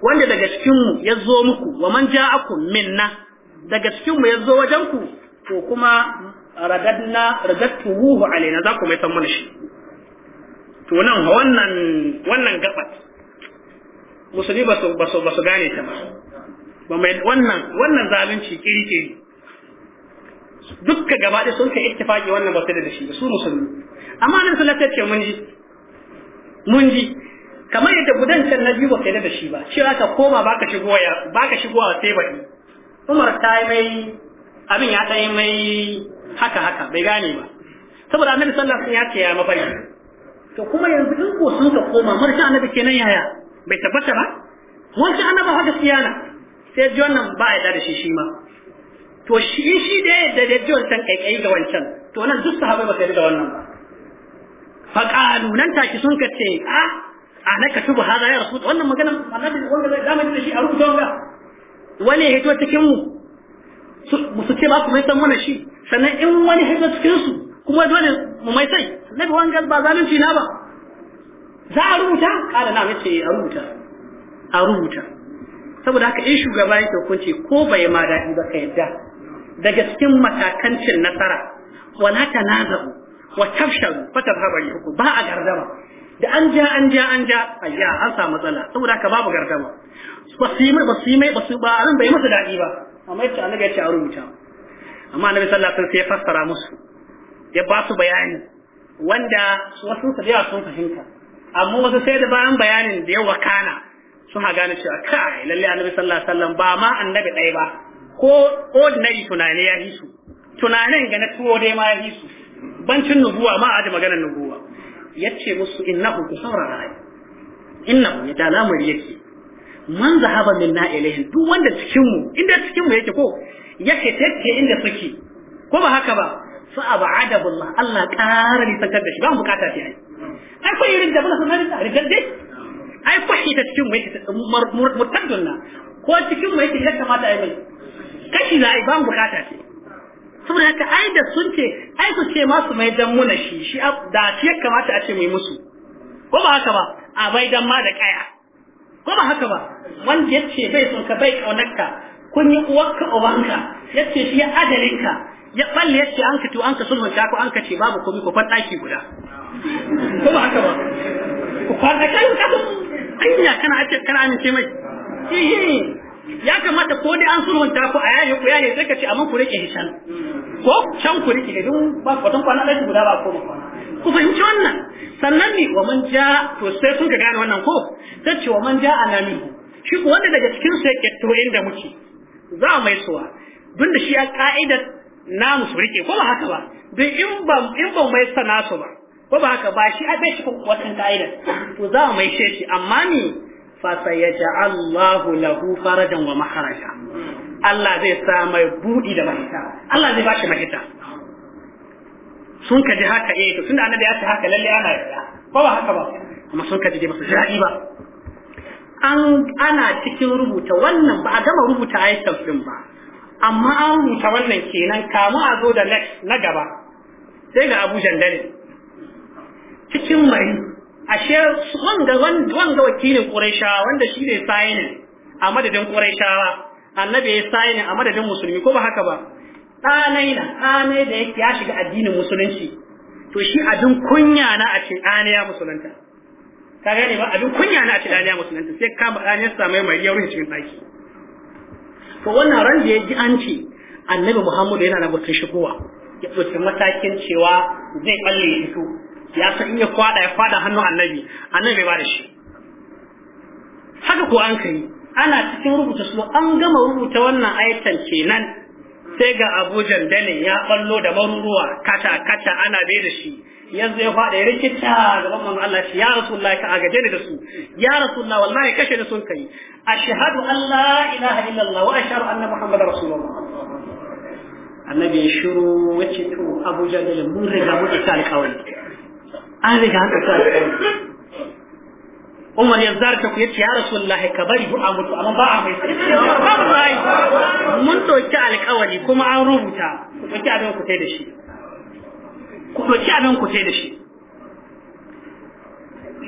wanda daga cikinmu ya zo muku wa man ja'akum minna daga cikinmu ya zo wajenku to kuma ragadna ragattuhu alaina za ku mai san mana shi to nan wannan wannan gabat musulmi ba su ba su ba su gane ta ba ba mai wannan wannan zalunci kiri kiri dukkan gaba da sun kai ittifaki wannan ba su da shi su musulmi amma nan sallallahu alaihi wasallam mun ji mun ji kamar yadda gudancan na biyu ba kai da shi ba shi ka koma ba shigo ya shigo a sai baki Umar ta yi mai abin ya ta yi mai haka haka bai gane ba saboda Annabi sallallahu alaihi wasallam ya ce ya mafari to kuma yanzu in ko sun ka koma marshe Annabi kenan yaya bai tabbata ba wancan Annabi haka siyana sai wannan ba ya da shi shi ma to shi shi da yadda da Jonnan kaikai ga wancan to nan duk sahabbai ba kai da wannan ba faqalu nan take sun ka ce a ah, a na katubu hada ya rasul wannan magana annabi wanda zai yi da shi a rubuta wanga wani hito cikin mu su ce ba ku mai san mana shi sannan in wani hito cikin su kuma dole mu mai sai annabi wanga ba zalunci na ba za a rubuta kala na mace a rubuta a rubuta saboda haka in shugaba ya hukunci ko bai ma daɗi ba ka yadda daga cikin matakancin nasara wala tanazabu wa tafshalu fa tadhhabu al-hukm ba a gardama da an ja an ja an ja ayya an samu matsala saboda ka babu gardama ba su yi mai ba su yi mai ba su ba an bai masa daɗi ba amma yace annabi yace a rubuta amma annabi sallallahu alaihi wasallam sai ya fassara musu ya ba su bayani wanda wasu su da sun fahimta amma wasu sai da bayan bayanin da ya wakana sun ha gane cewa kai lalle annabi sallallahu alaihi wasallam ba ma annabi ɗaya ba ko ordinary tunani ya hisu tunanin ga na tuwo dai ma ya hisu bancin nubuwa ma a ji maganar nubuwa yace musu innahu ku saurara ai innahu ya da lamari yake man zahaba minna ilayhi duk wanda cikin mu inda cikin mu yake ko yake take inda suke ko ba haka ba fa ab'adahu Allah Allah ƙara ni sakar da shi ba mu bukata shi ai ai ko irin da bala sanar da rijal dai ai ko shi ta cikin mu yake mutaddunna ko cikin mu yake ya kamata ai mai kashi na ai ba mu bukata shi saboda haka ai da sun ce ai su ce ma su mai dan muna shi shi da shi ya kamata a ce mai musu ko ba haka ba a bai dan ma da kaya ko ba haka ba wanda ya ce bai son ka bai kaunarka kun yi uwarka ubanka ya ce shi ya adalinka ya balle yace an ka to an ka sulhun ta ko an ka ce babu komai ko kwan daki guda ko ba haka ba ku kwan kai ka hanya kana ake kana amince mai ya kamata ko dai an sulhunta ku a yayin ku yayin sai ka ce amma ku rike shi can ko can ku rike don ba ku tun kwana ɗaya guda ba ko ku fahimci wannan sannan ne wa mun ja to sai sun ka gane wannan ko sai ce wa mun ja anami shi ko wanda daga cikin sai ke to inda muke za mu mai suwa dun da shi a ka'idar namu su rike ko ba haka ba dai in ba in ba mai sana su ba ko ba haka ba shi a bai ko wannan ka'idar to za mu mai shi amma ni Allahu lahu farajan wa maharaja Allah zai sa mai budi da mahita Allah zai ba shi mahita sun ka ji haka eh to tunda annabi ya ce haka lalle ana yarda Ba ba haka ba amma sun ka ji ba su ji ba an ana cikin rubuta wannan ba a gama rubuta ayatul din ba amma an rubuta wannan kenan kamu a zo da next na gaba sai ga Abu Jandare cikin mai ashe wanga wanga wakilin quraishawa wanda shi ne sayinin a madadin quraishawa annabi ya sayinin a madadin musulmi ko ba haka ba ɗanai na ɗanai da yake ya shiga addinin musulunci to shi abin kunya na a ce ɗanai ya musulunta ka gane ba abin kunya na a ce ɗanai ya musulunta sai kama ɗanai ya samu mai yauri cikin ɗaki to wannan ran da ya ji an ce annabi muhammadu yana da mutum shigowa ya tsotsi matakin cewa zai ɓalle ya fito ya san in ya kwada ya kwada hannun annabi annabi ba da shi haka ko an kai ana cikin rubuta su an gama rubuta wannan ayatan kenan sai ga Abu Jandalin ya ballo da maruruwa kata kata ana bai da shi yanzu ya faɗa ya rikita gaban manzon Allah shi ya Rasulullahi ka agaje ni da su ya rasulullahi wallahi kashe ni sun kai ashhadu an la ilaha illallah wa ashhadu anna muhammadar rasulullah annabi ya shiru wacce to Abu Jandalin mun riga mun isa alƙawari an riga an ɗauka da ɗan Umar ya zarta ku yace ya Rasulullahi ka bari du'a mutu amma ba a mai sai mun doki alƙawari kuma an rubuta ku doki abin ku sai da shi ku ɗauki abin ku sai da shi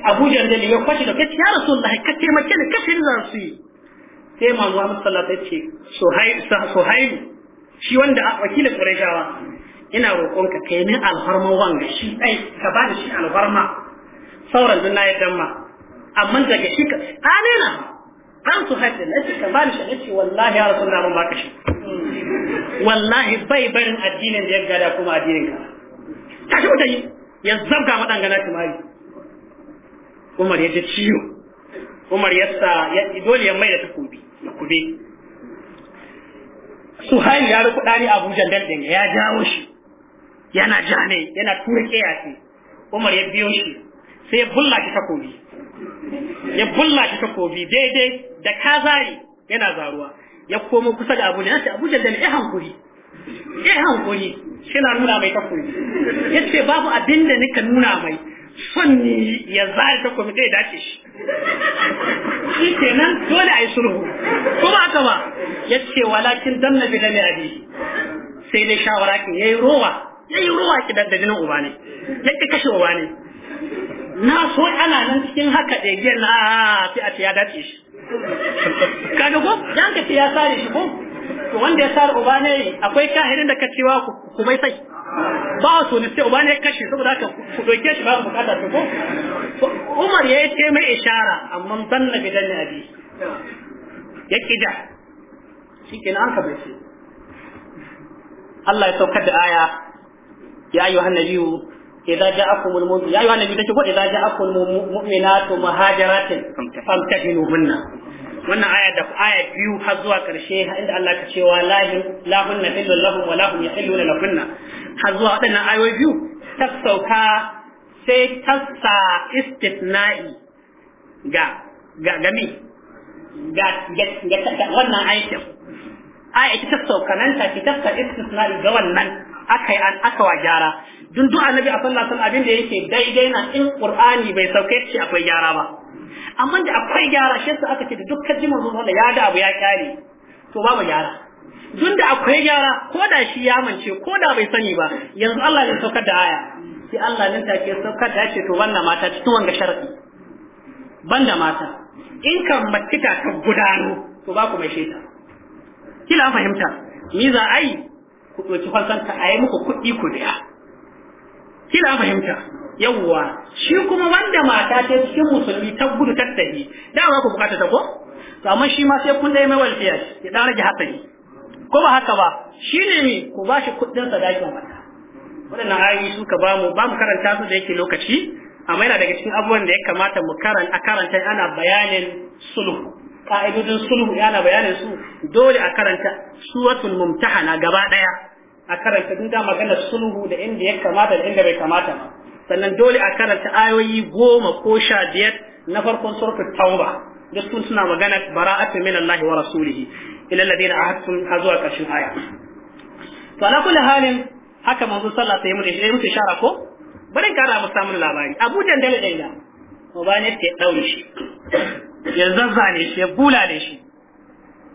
Abu Jandal ya kwashi da kace ya Rasulullahi ka taimake ni ka sai zan su yi sai manzo Muhammad sallallahu alaihi wasallam ya ce Suhail Suhail shi wanda wakilin Qurayshawa ina roƙonka ka yi min alfarma wanga shi ai ka ba da shi alfarma sauran dun nayi damma. amma daga shi ka amina an su haɗe na ka ba da shi na wallahi ya rasu namun baka shi wallahi bai barin addinin da ya gada kuma addinin ka ta shi yi ya zabga ta mari umar ya ji ciwo umar ya sa ya dole ya mai da takobi na kube su hali ya rukuɗa ne abujan dandin ya jawo shi yana jami yana tura kiyasi Umar ya biyo shi sai ya bulla shi takobi ya bulla shi takobi daidai da kazari yana zaruwa ya komo kusa da Abuja yace Abuja da ne eh hankuri eh hankuri na nuna mai takobi yace babu abin da nika nuna mai son ni ya zai takobi dai dace shi shi kenan dole a yi sulhu kuma aka ba yace walakin danna bi da abi sai dai shawara ke yayi rowa yayi ruwa ki da jinin uba ne yake kashe uba ne na so ana nan cikin haka da yake na fi ah, a ya dace shi kaga ko dan ka ya sare shi ko to wanda ya sare uba ne akwai kahirin da ka cewa ku bai sai ba so ne sai uba ne kashe saboda haka ku doke shi ba ku bukata to ko Umar ya yi mai ishara amma ban na gidan ne abi ya kida shi kenan ka bai Allah ya saukar da aya ya ayyuhan nabiyyu idza ja'akum al-mu'min ya ayyuhan nabiyyu take ko idza ja'akum al-mu'minatu wannan aya da aya biyu har zuwa karshe inda Allah ka cewa lahin lahunna illa lahum wa lahum yahilluna lahunna har zuwa wannan ayoyi biyu ta sauka sai tassa istithna'i ga ga gami ga wannan aikin a ita ta ta ki tafka istisna'i ga wannan aka yi an aka wa gyara dun duk annabi a sallah sallah abin da yake daidai na in qur'ani bai sauke shi akwai gyara ba amma da akwai gyara shi yasa aka ce da dukkan jimin da ya da abu ya kyale to babu gyara dun da akwai gyara ko da shi ya mance ko da bai sani ba yanzu Allah ya saukar da aya sai Allah nan take saukar da ce to wannan mata cikin wanga sharadi banda mata in kan mace ta gudano to ba ku mai sheta kila fahimta ni za ai ku ɗauki fansanta a yi muku kuɗi ku daya kina fahimta yawwa shi kuma wanda mata ta cikin musulmi ta gudu ta tafi dama ku bukata ta ko to amma shi ma sai kun dai mai walfiya ya dan rage hatsari ko ba haka ba shi ne mi ku ba shi kuɗin sadakin wata. waɗannan ayoyi su ka bamu bamu karanta su da yake lokaci amma yana daga cikin abubuwan da ya kamata mu karanta ana bayanin sulhu ka'idodin sulhu yana bayanin su dole a karanta suratul mumtahana gaba daya a karanta duk da magana sulhu da inda ya kamata da inda bai kamata ba sannan dole a karanta ayoyi goma ko sha biyar na farkon suratul tauba duk sun suna magana bara'atu min wa rasulihi ila alladhina ahadtum hazuwa kashin aya to ala kulli halin haka manzo sallallahu alaihi mu da shi shara ko bari kara mu samun labari Abu Jandal da ko bane ke daure shi ya zazzane shi ya bulale shi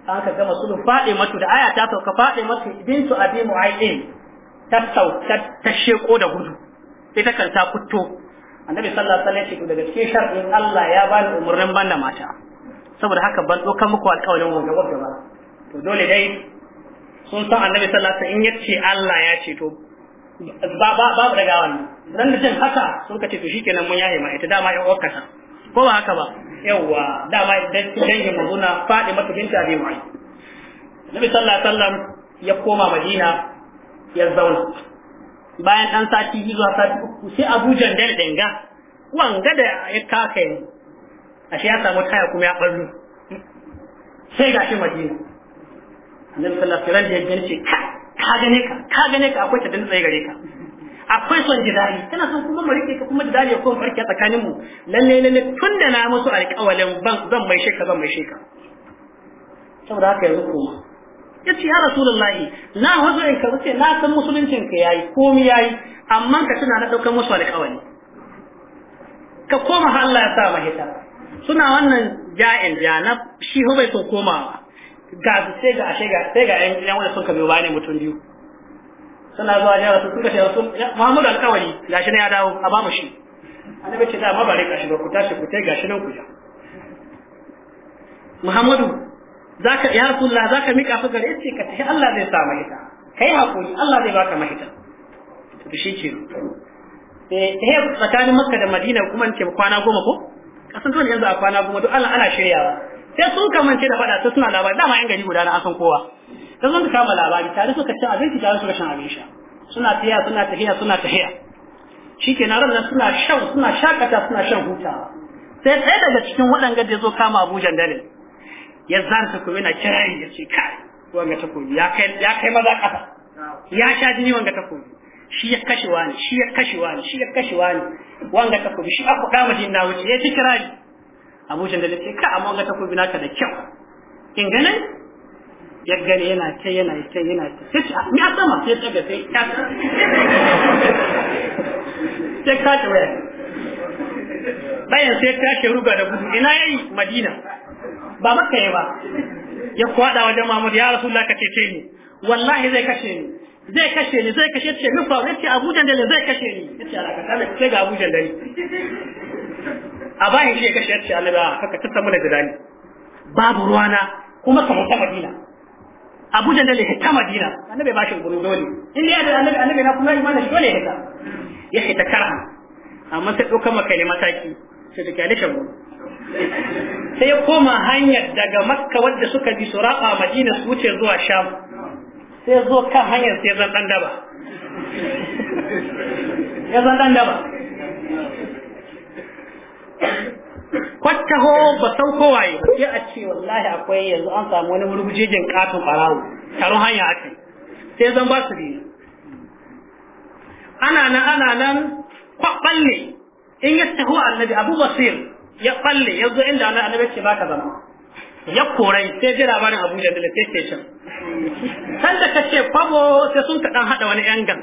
aka gama sulhu faɗe matu da aya ta sauka faɗe matu bintu abi mu'ayyid ta sauka ta sheko da gudu ita kan ta fito annabi sallallahu alaihi wasallam daga cikin sharɗin Allah ya ba ni umurnin banda mata saboda haka ban doka muku alƙawarin wanga wanga ba to dole dai sun san annabi sallallahu alaihi wasallam in yace Allah ya ce to ba ba ba daga wannan dan da jin haka sun ka ce to shikenan mun yaye ma ita dama ya uwarka ko ba haka ba yawa dama idan dangin manzo faɗi fadi mata binta bai mai nabi sallallahu alaihi wasallam ya koma madina ya zauna bayan dan sati biyu zuwa sati uku sai abuja dal dinga wanga da ya kaka yi ashe ya samu taya kuma ya ballo sai gashi madina annabi sallallahu alaihi wasallam ya gani ce ka gane ka ka gane ka akwai ta dan tsaye gare ka akwai son jidali tana son kuma mu rike ka kuma jidali ko mu farke tsakanin mu lalle lalle tun da na musu alƙawalin ban zan mai sheka zan mai sheka saboda haka yanzu kuma yace ya rasulullahi na hozo in ka ce na san musuluncin ka yayi komai yayi amma ka tana na daukar musu alƙawali ka koma har Allah ya sa mahita suna wannan ja'in ja na shi ho bai son komawa ga sai ga ashe ga sai ga yan yan wanda sun ka biyo bane mutum biyu suna zuwa jihar rasu suka ce rasul Muhammadu alkawari gashi ne ya dawo a bamu shi annabi ce da ma bare gashi ba ku tashi ku tai gashi nan ku ja Muhammadu zaka ya rasulullah zaka mika fa gare ce ka tafi Allah zai sa mahita kai hakuri Allah zai baka mahita to shi ke eh eh tsakanin Makka da Madina kuma ce kwana goma ko kasan dole yanzu a kwana goma duk Allah ana shiryawa sai sun kamance da fada sai suna labari dama yan gari guda na asan kowa dan sun kama labari tare suka ci abinci tare suka shan abin sha suna tafiya suna tafiya suna tafiya shikenan ran suna shan suna shakata suna shan hutawa sai ɗaya daga cikin waɗanda da ya zo kama abujan dare ya zanta ko yana kirayi ya ce kai wanga takobi ya kai ya kai maza ƙasa ya sha jini wanga takobi shi ya kashe wani shi ya kashe wani shi ya kashe wani wanga takobi shi aka kama jin na wuce ya ci kirayi abujan dare sai ka amma wanga takobi naka da kyau in ganin ya gani yana ta yana ta yana ta ah, sai ya sama sai ta ga sai ta sai ka ta waya bayan sai ta ke ruga da gudu ina yayi madina ba maka yi ba ya kwada wajen mamud ya rasulullah ka cece ni wallahi zai kashe ni zai kashe ni zai kashe ce min faru yace abujan dare zai kashe ni yace alaka kana sai ga abujan dare a bayan shi ya kashe yace annabi haka ta samu da dani babu ruwana kuma ka mutu madina abuja da hita madina annabi ba shi gudu dole in ya da annabi annabi na kuma imani shi dole ya hita ya hita karha amma sai ɗaukar ne mataki sai da kyale shan sai ya koma hanyar daga makka wanda suka bi suraqa madina su wuce zuwa sham sai zo kan hanyar sai zan ɗan daba ya zan ɗan daba kwattaho ba sauko waye ba sai a ce wallahi akwai yanzu an samu wani murgujejin katon barawo taron hanya ake sai zan ba su biyu ana nan ana nan kwaɓalle in ya taho annabi abu basir ya ɓalle ya zo inda annabi ce ba zama ya korai sai jira labarin abu da sai station sanda ka ce kwabo sai sun ka haɗa wani yan gan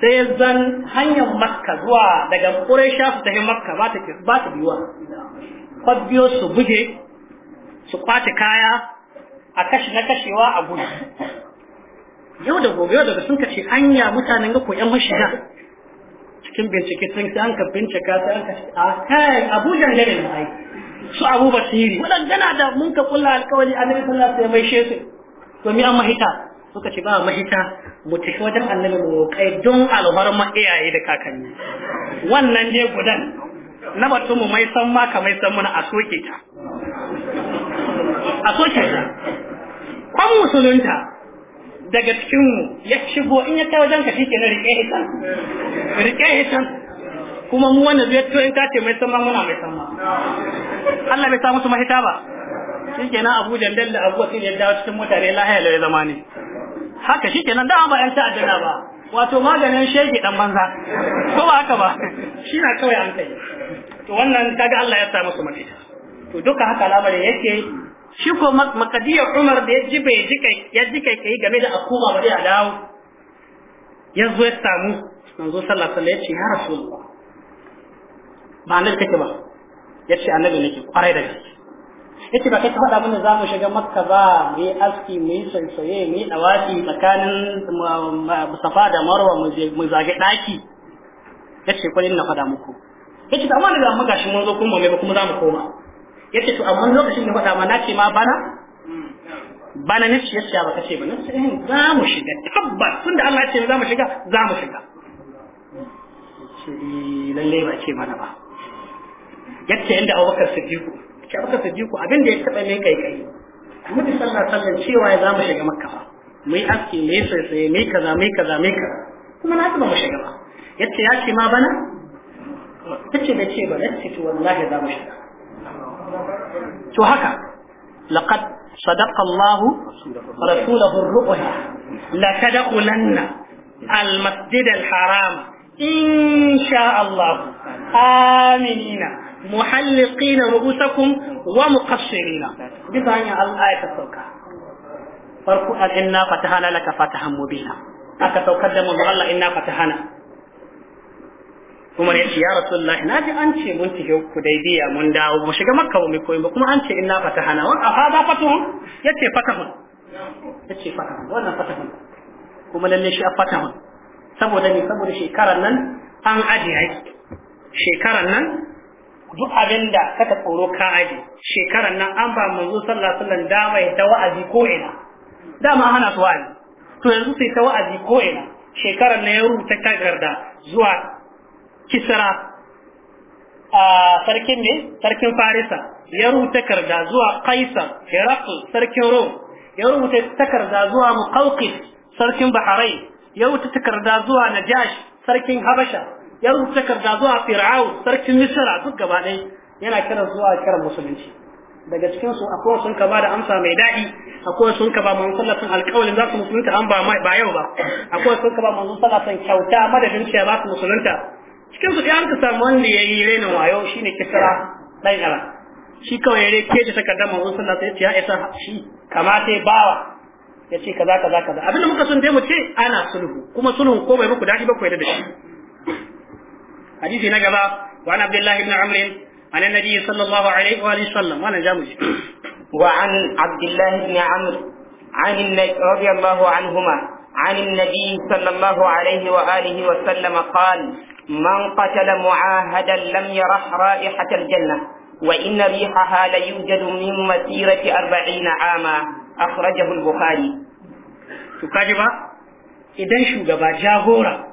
sai zan hanyar makka zuwa daga ƙuresha su tafi makka ba ta ba ta biyuwa su buge su kwace kaya a kashi na kashewa a gudu yau da gobe yau daga sun kace hanya mutanen ga koyan mashiga cikin bincike sun sai an ka bincika sai an ka a kai abujan ne ne ai su abu basiri waɗanda na da mun ka kula alƙawari annabi sallallahu alaihi wasallam mai shesu to mi an mahita suka ce ba mahita mu tafi wajen annabi mu kai don alhorma iyaye da kakanni wannan je gudan na batu mu mai san ma ka mai san muna a soke ta a soke ta kwan musulunta daga cikin mu ya shigo in ya kai wajen ka shike na rike hitan rike hitan kuma mu wanda zai to in ka ce mai san ma muna mai san ma Allah bai sa musu mahita ba na Abu jandar da Abu Wasil ya dawo cikin mutane lahiya lai zama ne haka shi kenan da ba 'yan ta'addana ba wato maganin shege dan banza ko ba haka ba shi na kawai an kai to wannan kaga Allah ya sa musu mafita to duka haka lamarin yake shi ko makadiyar Umar da ya ji bai ji kai ya ji kai kai game da akuma ba a dawo ya zo ya samu manzo sallallahu alaihi wasallam ya ce ya rasulullah ba nan take ba ya ce annabi nake kwarai da gaske yace ba kai ka faɗa mana zamu shiga makka ba mu yi aski mu yi sansaye mu yi dawaki tsakanin safa da marwa mu zage daki yace kwarin na faɗa muku yace amma da zamu gashi mun zo kuma mai kuma zamu koma yace to amma lokacin da faɗa ma na ce ma bana bana ne shi ya ba ce ba nan sai eh, za mu shiga tabbas tunda Allah ya ce za mu shiga za mu shiga eh, lallai ba ce mana ba yadda yadda abubakar siddiqu ki abuka sadiku abin da ya taɓa mai kai kai annabi sallallahu alaihi wasallam cewa ya zamu shiga makka ba. mu yi aski mu yi saisaye mu yi kaza mu yi kaza mu kaza kuma na ba mu shiga ba yace ya ce ma bana ce da ce ba nace to wallahi za mu shiga to haka laqad sadaqa Allah rasulahu ar-ru'ya la tadkhulanna al-masjid al-haram in sha Allah aminina muhalliqina ru'usakum wa muqassirina bisa hanya al-ayat ta sauka farko al-inna fatahana laka fatahan mubina aka saukar da manzo Allah inna fatahana Umar ya ce ya Rasulullahi na ji an ce mun tafi Hudaybiya mun dawo mu shiga Makka ba mu koyi ba kuma an ce inna fatahana wa afa fatuhun yace fatahun yace fatahun wannan fatahun kuma lalle shi fatahun saboda ne saboda shekaran nan an ajiye Shekaran nan duk abin da kaka tsoro ka aje shekaran nan an ba manzo sallallahu alaihi wasallam dama ya ta wa'azi ko ina dama hana su wa'azi to yanzu sai ta wa'azi ko ina shekaran nan ya rubuta takarda zuwa kisra a sarkin ne sarkin farisa ya rubuta takarda zuwa kaisar herakl sarkin rom ya rubuta takarda zuwa muqawqis sarkin bahrain ya rubuta takarda zuwa najash sarkin habasha ya rubuta takarda zuwa fir'aun sarkin misra duk gaba ɗaya yana kiran zuwa kiran musulunci daga cikin su akwai sun ka ba da amsa mai daɗi akwai sun ka ba manzon sallallahu alaihi alƙawarin za su musulunta an ba mai ba yau ba akwai sun ka ba manzon sallallahu kyauta madadin cewa za su musulunta cikin su an ka samu wanda ya yi renin wayo shine kisra ɗan ara shi kawai ya rike ta takardar sallata ya ce ya isa shi kamata ya bawa ya ce kaza kaza kaza abinda muka sun dai mu ce ana sulhu kuma sulhu ko bai muku daɗi ba ku yarda da shi hadisi na gaba wa abdullahi ibn amr عن النبي صلى الله عليه وآله وسلم وأنا جامج وعن عبد الله بن عمرو عن النبي رضي الله عنهما عن النبي صلى الله عليه وآله وسلم قال من قتل معاهدا لم يرح رائحة الجنة وإن ريحها ليوجد من مسيرة أربعين عاما أخرجه البخاري تكاجبا إذا شو جابا جاغورا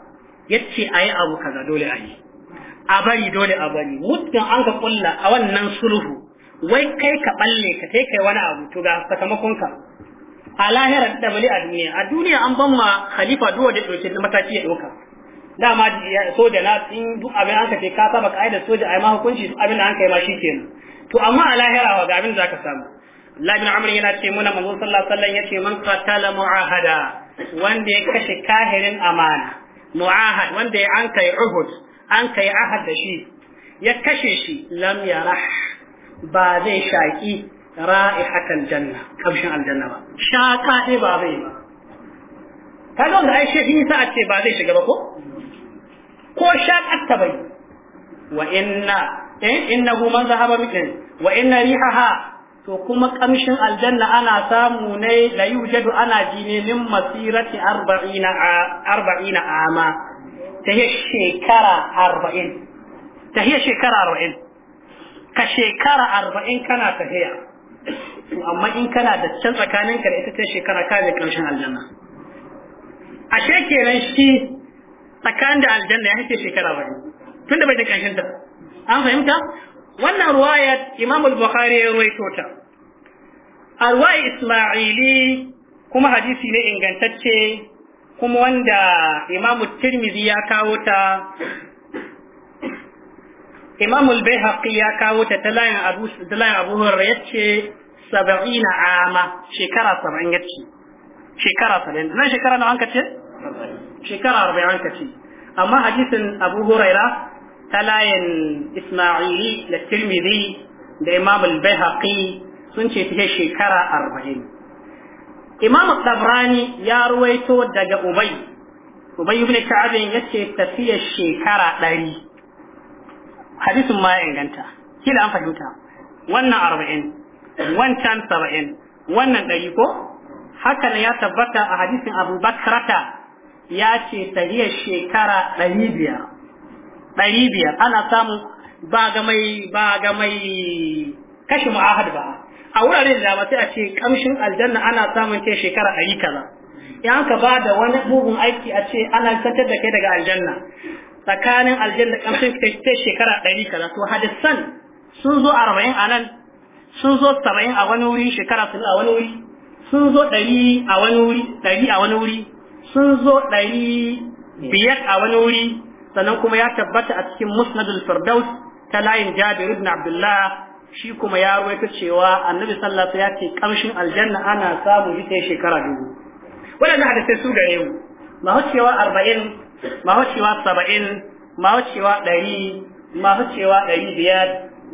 يتشي أي أبو كذا دولي أي a bari dole a bari mutum an ka kulla a wannan sulhu wai kai ka balle ka kai kai wani abu to ga sakamakon ka a lahirar da bali a duniya a duniya an ban ma khalifa duwa da doke da mataki ya doka dama soja na in duk abin an ka kai ka saba ka'idar soja a ma hukunci duk abin da an kai ma shi kenan to amma a lahira ga abin da zaka samu Allah bin Amr yana ce muna manzo sallallahu alaihi wasallam yace man qatala mu'ahada wanda ya kashe kahirin amana mu'ahad wanda ya an kai uhud an kai ahad da shi ya kashe shi lam ya yarah ba zai shaki hakan janna kamshin aljanna ba shaka dai ba zai ba kaga wanda ai shehi sa a ce ba zai shiga ba ko ko shakar ta bai wa inna eh innahu man zahaba bikin wa inna rihaha to kuma kamshin aljanna ana samu ne la yujadu ana ji masirati arba'ina arba'ina ama tahiyar shekara arba'in tahiyar shekara arba'in ka shekara arba'in kana tahiya to amma in kana da can tsakaninka da ita ta shekara ka ne ƙarshen aljanna ashe kenan shi tsakanin da aljanna ya hace shekara arba'in tun da bai da ƙarshen ta an fahimta wannan ruwayar imam al-bukhari ya ruwai ruwaito ta arwai isma'ili kuma hadisi ne ingantacce kuma wanda imamu tirmizi ya kawo ta imamu al-bayhaqi ya kawo ta ta abu ta layin abu hurra yace 70 ama shekara 70 yace shekara saba'in. nan shekara na anka ce shekara arba'in anka ce amma hadisin abu huraira ta layin isma'ili da tirmizi da imamu al-bayhaqi sun ce ta shekara arba'in. imam tabrani ya ruwaito daga ubay ubay ibn ka'ab ce tafiyar shekara ɗari hadisin ma ya inganta kila an fahimta wannan arba'in wancan saba'in wannan ɗari ko haka ne ya tabbata a hadisin abu ta ya ce tafiyar shekara ɗari biyar ɗari biyar ana samu ba ga mai kashi ga mai ba a wuraren da ba sai a ce kamshin aljanna ana samun ce shekara ari kaza in ka ba da wani bugun aiki a ce ana tantar da kai daga aljanna tsakanin aljanna kamshin ta shekara ɗari kaza to hadisan sun zo arba'in a nan sun zo saba'in a wani wuri shekara sun a wani wuri sun zo ɗari a wani wuri ɗari a wani wuri sun zo ɗari biyar a wani wuri sannan kuma ya tabbata a cikin musnadul firdaus ta layin jabir ibn abdullah shi kuma ya ruwaita cewa annabi sallallahu ya ce kamshin aljanna ana samu shi shekara dubu waɗannan hadisai su gare mu ma hucewa arba'in ma hucewa saba'in ma hucewa ɗari ma hucewa ɗari biyar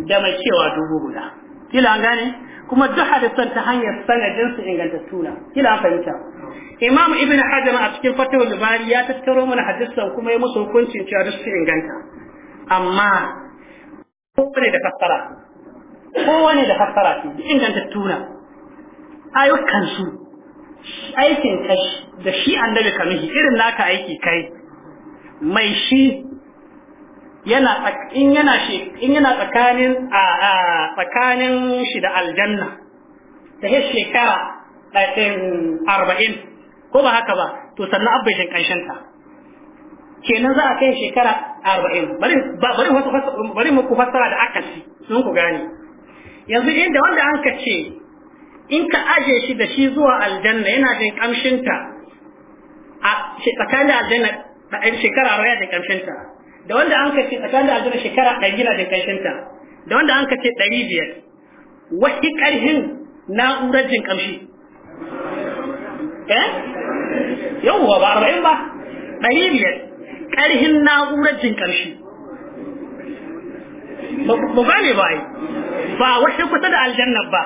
da mai cewa dubu guda kila an gane kuma duk hadisan ta hanyar sanadin su inganta tuna kila an fahimta imam ibn hajar a cikin fatawul bari ya tattaro mana hadisan kuma ya musu hukuncin cewa duk su inganta amma ko ne da fassara kowane da fassara ce inganta tuna ayyukansu aikin kashi da shi annabi shi irin naka aiki kai mai shi yana in yana shi in yana tsakanin a tsakanin shi da aljanna ta he shekara arba'in ko ba haka ba to sannan abba shi ƙanshin ta kenan za a kai shekara arba'in bari bari ku fassara da akasi sun ku gane yanzu inda wanda an ka ce in ka aje shi da shi zuwa aljanna yana jin kamshinta a tsakanin aljanna shekara raya da kamshinta da wanda an ka ce tsakanin aljanna shekara ɗari na jin kamshinta da wanda an ka ce ɗari biyar wasu ƙarfin na'urar jin kamshi eh yawwa ba arba'in ba ɗari biyar ƙarfin na'urar jin kamshi ba gane ba ai ba wasu kusa da aljanna ba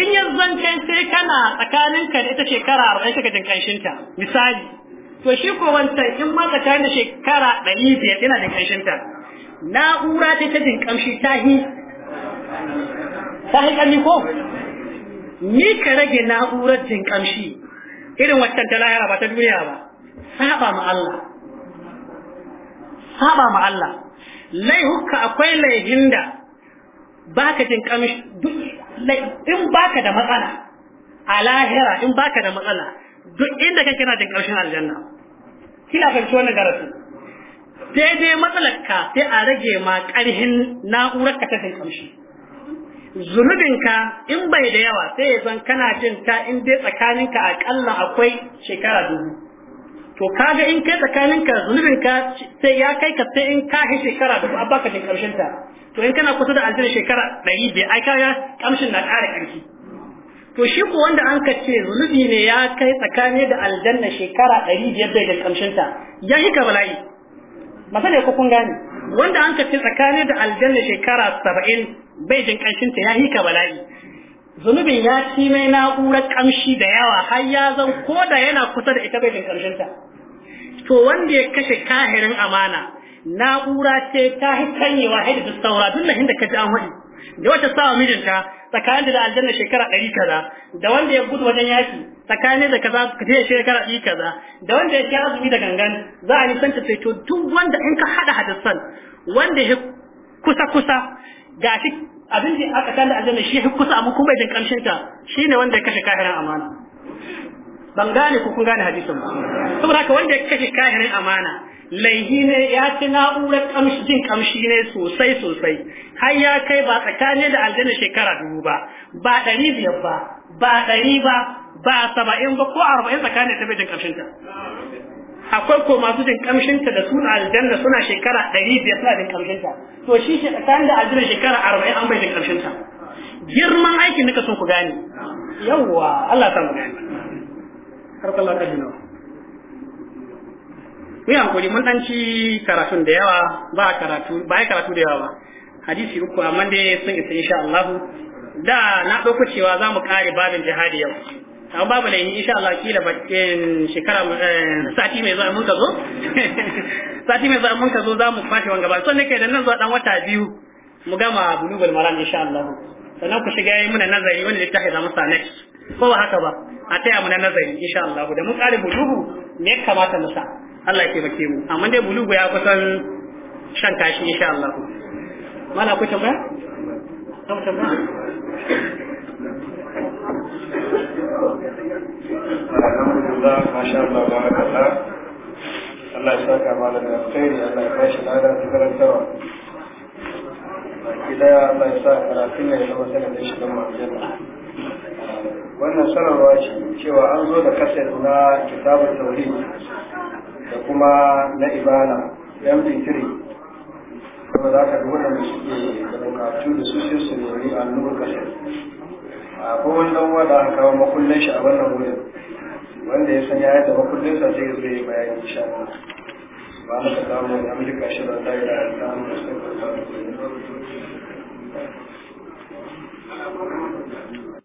in ya kai sai kana tsakanin ka da ita shekara arba'in kaka jin kanshin ta misali to shi ko wancan in ma tsakanin da shekara ɗari biyar yana jin kanshin ta na'ura ta ta jin ƙamshi ta hi ta hi kanni ko ni ka rage na'urar jin ƙamshi irin wancan ta lahira ba ta duniya ba saba ma Allah saba ma Allah laihuka akwai laihin da baka jin kamshi in baka da matsala a lahira in baka da matsala duk inda ka kina jin kamshin aljanna kina fahimci wannan garasu sai dai matsalar ka sai a rage ma karhin na'urar ka ta kamshi zunubinka in bai da yawa sai ya zan kana jin ta in dai tsakaninka akalla akwai shekara dubu to kaga in kai tsakaninka ka zunubin ka sai ya kai ka sai in ka hi shekara da abba ka karshen ta to in kana kusa da aljanna shekara ɗari biyar ai kaga kamshin na ƙara ƙarfi to shi ko wanda an kace zunubi ne ya kai tsakani da aljanna shekara ɗari biyar bai da kamshin ta ya yi ka bala'i masana ko kun gane wanda an kace tsakani da aljanna shekara saba'in bai jin ƙanshin ta ya yi ka bala'i zunubin ya ci mai na'urar kamshi da yawa har ya zan ko da yana kusa da ita bai jin ta to wanda ya kashe kahirin amana na'ura ce ta kanyewa haidu da saura duk lahin da ka ji an haɗi da wata sawa mijinta tsakanin da aljanna shekara ɗari kaza da wanda ya gudu wajen yaki tsakanin da kaza ka je shekara ɗari kaza da wanda ya ke azumi da gangan za a nisanta sai to duk wanda in ka haɗa hadisan wanda ya kusa kusa ga shi. abin da aka da aljanna shi ya kusa amma kuma idan karshen ta shine wanda ya kashe kahirin amana ban gane ku kun gane hadisin ba saboda haka wanda ya kashe kahirin amana laihi ne ya ci na'urar kamshi jin kamshi ne sosai sosai har ya kai ba tsakanin da aljanna shekara dubu ba ba ɗari biyar ba ba ɗari ba ba saba'in ba ko arba'in tsakanin ta bai jin kamshin ta akwai ko masu jin kamshinta da suna aljanna suna shekara ɗari biyar suna jin kamshinta to shi shekatan da aljanna shekara arba'in an bai jin kamshinta girman aikin nika sun ku gane yawwa Allah ta mu gane ka kallon ka jinawa mun hankuri mun dan ci karatun da yawa ba karatu ba ai karatu da yawa ba hadisi uku amma dai sun isa insha Allah da na ɗauko cewa za mu kare babin jihadi yau amma babu laifi insha Allah kila bakin eh, shekara eh, sati mai zuwa mun ka zo sati mai zuwa mun ka zo za mu fashe wanga ba son nake da nan zuwa dan wata biyu mu gama bulugul maran insha Allah sannan ku shiga yi muna nazari wanda littafi za mu sa next ko ba haka ba a taya mu na nazari insha Allah da mun kare bulugu me ya kamata mu sa Allah ya taimake mu amma dai bulugu ya kusan shan kashi insha Allah mana ku tambaya tambaya alhamdulillah masha Allah barakallah Allah ya saka malam da alkhairi Allah ya bashi lada da karantarwa gida Allah ya sa karatun ya zama sanin da shigan aljanna wannan sanarwa ce cewa an zo da kasar na kitabun tauhid da kuma na ibana mp3 kuma za ka duk waɗanda suke da bukatu da su sai su nemi annubar kasar a ko wani dan wada an kawo makullin shi a wannan wurin wanda ya san ya yi da makullin sa sai zai bayani insha Allah ba mu ka mu da amurka shi da tare da ta mu da sai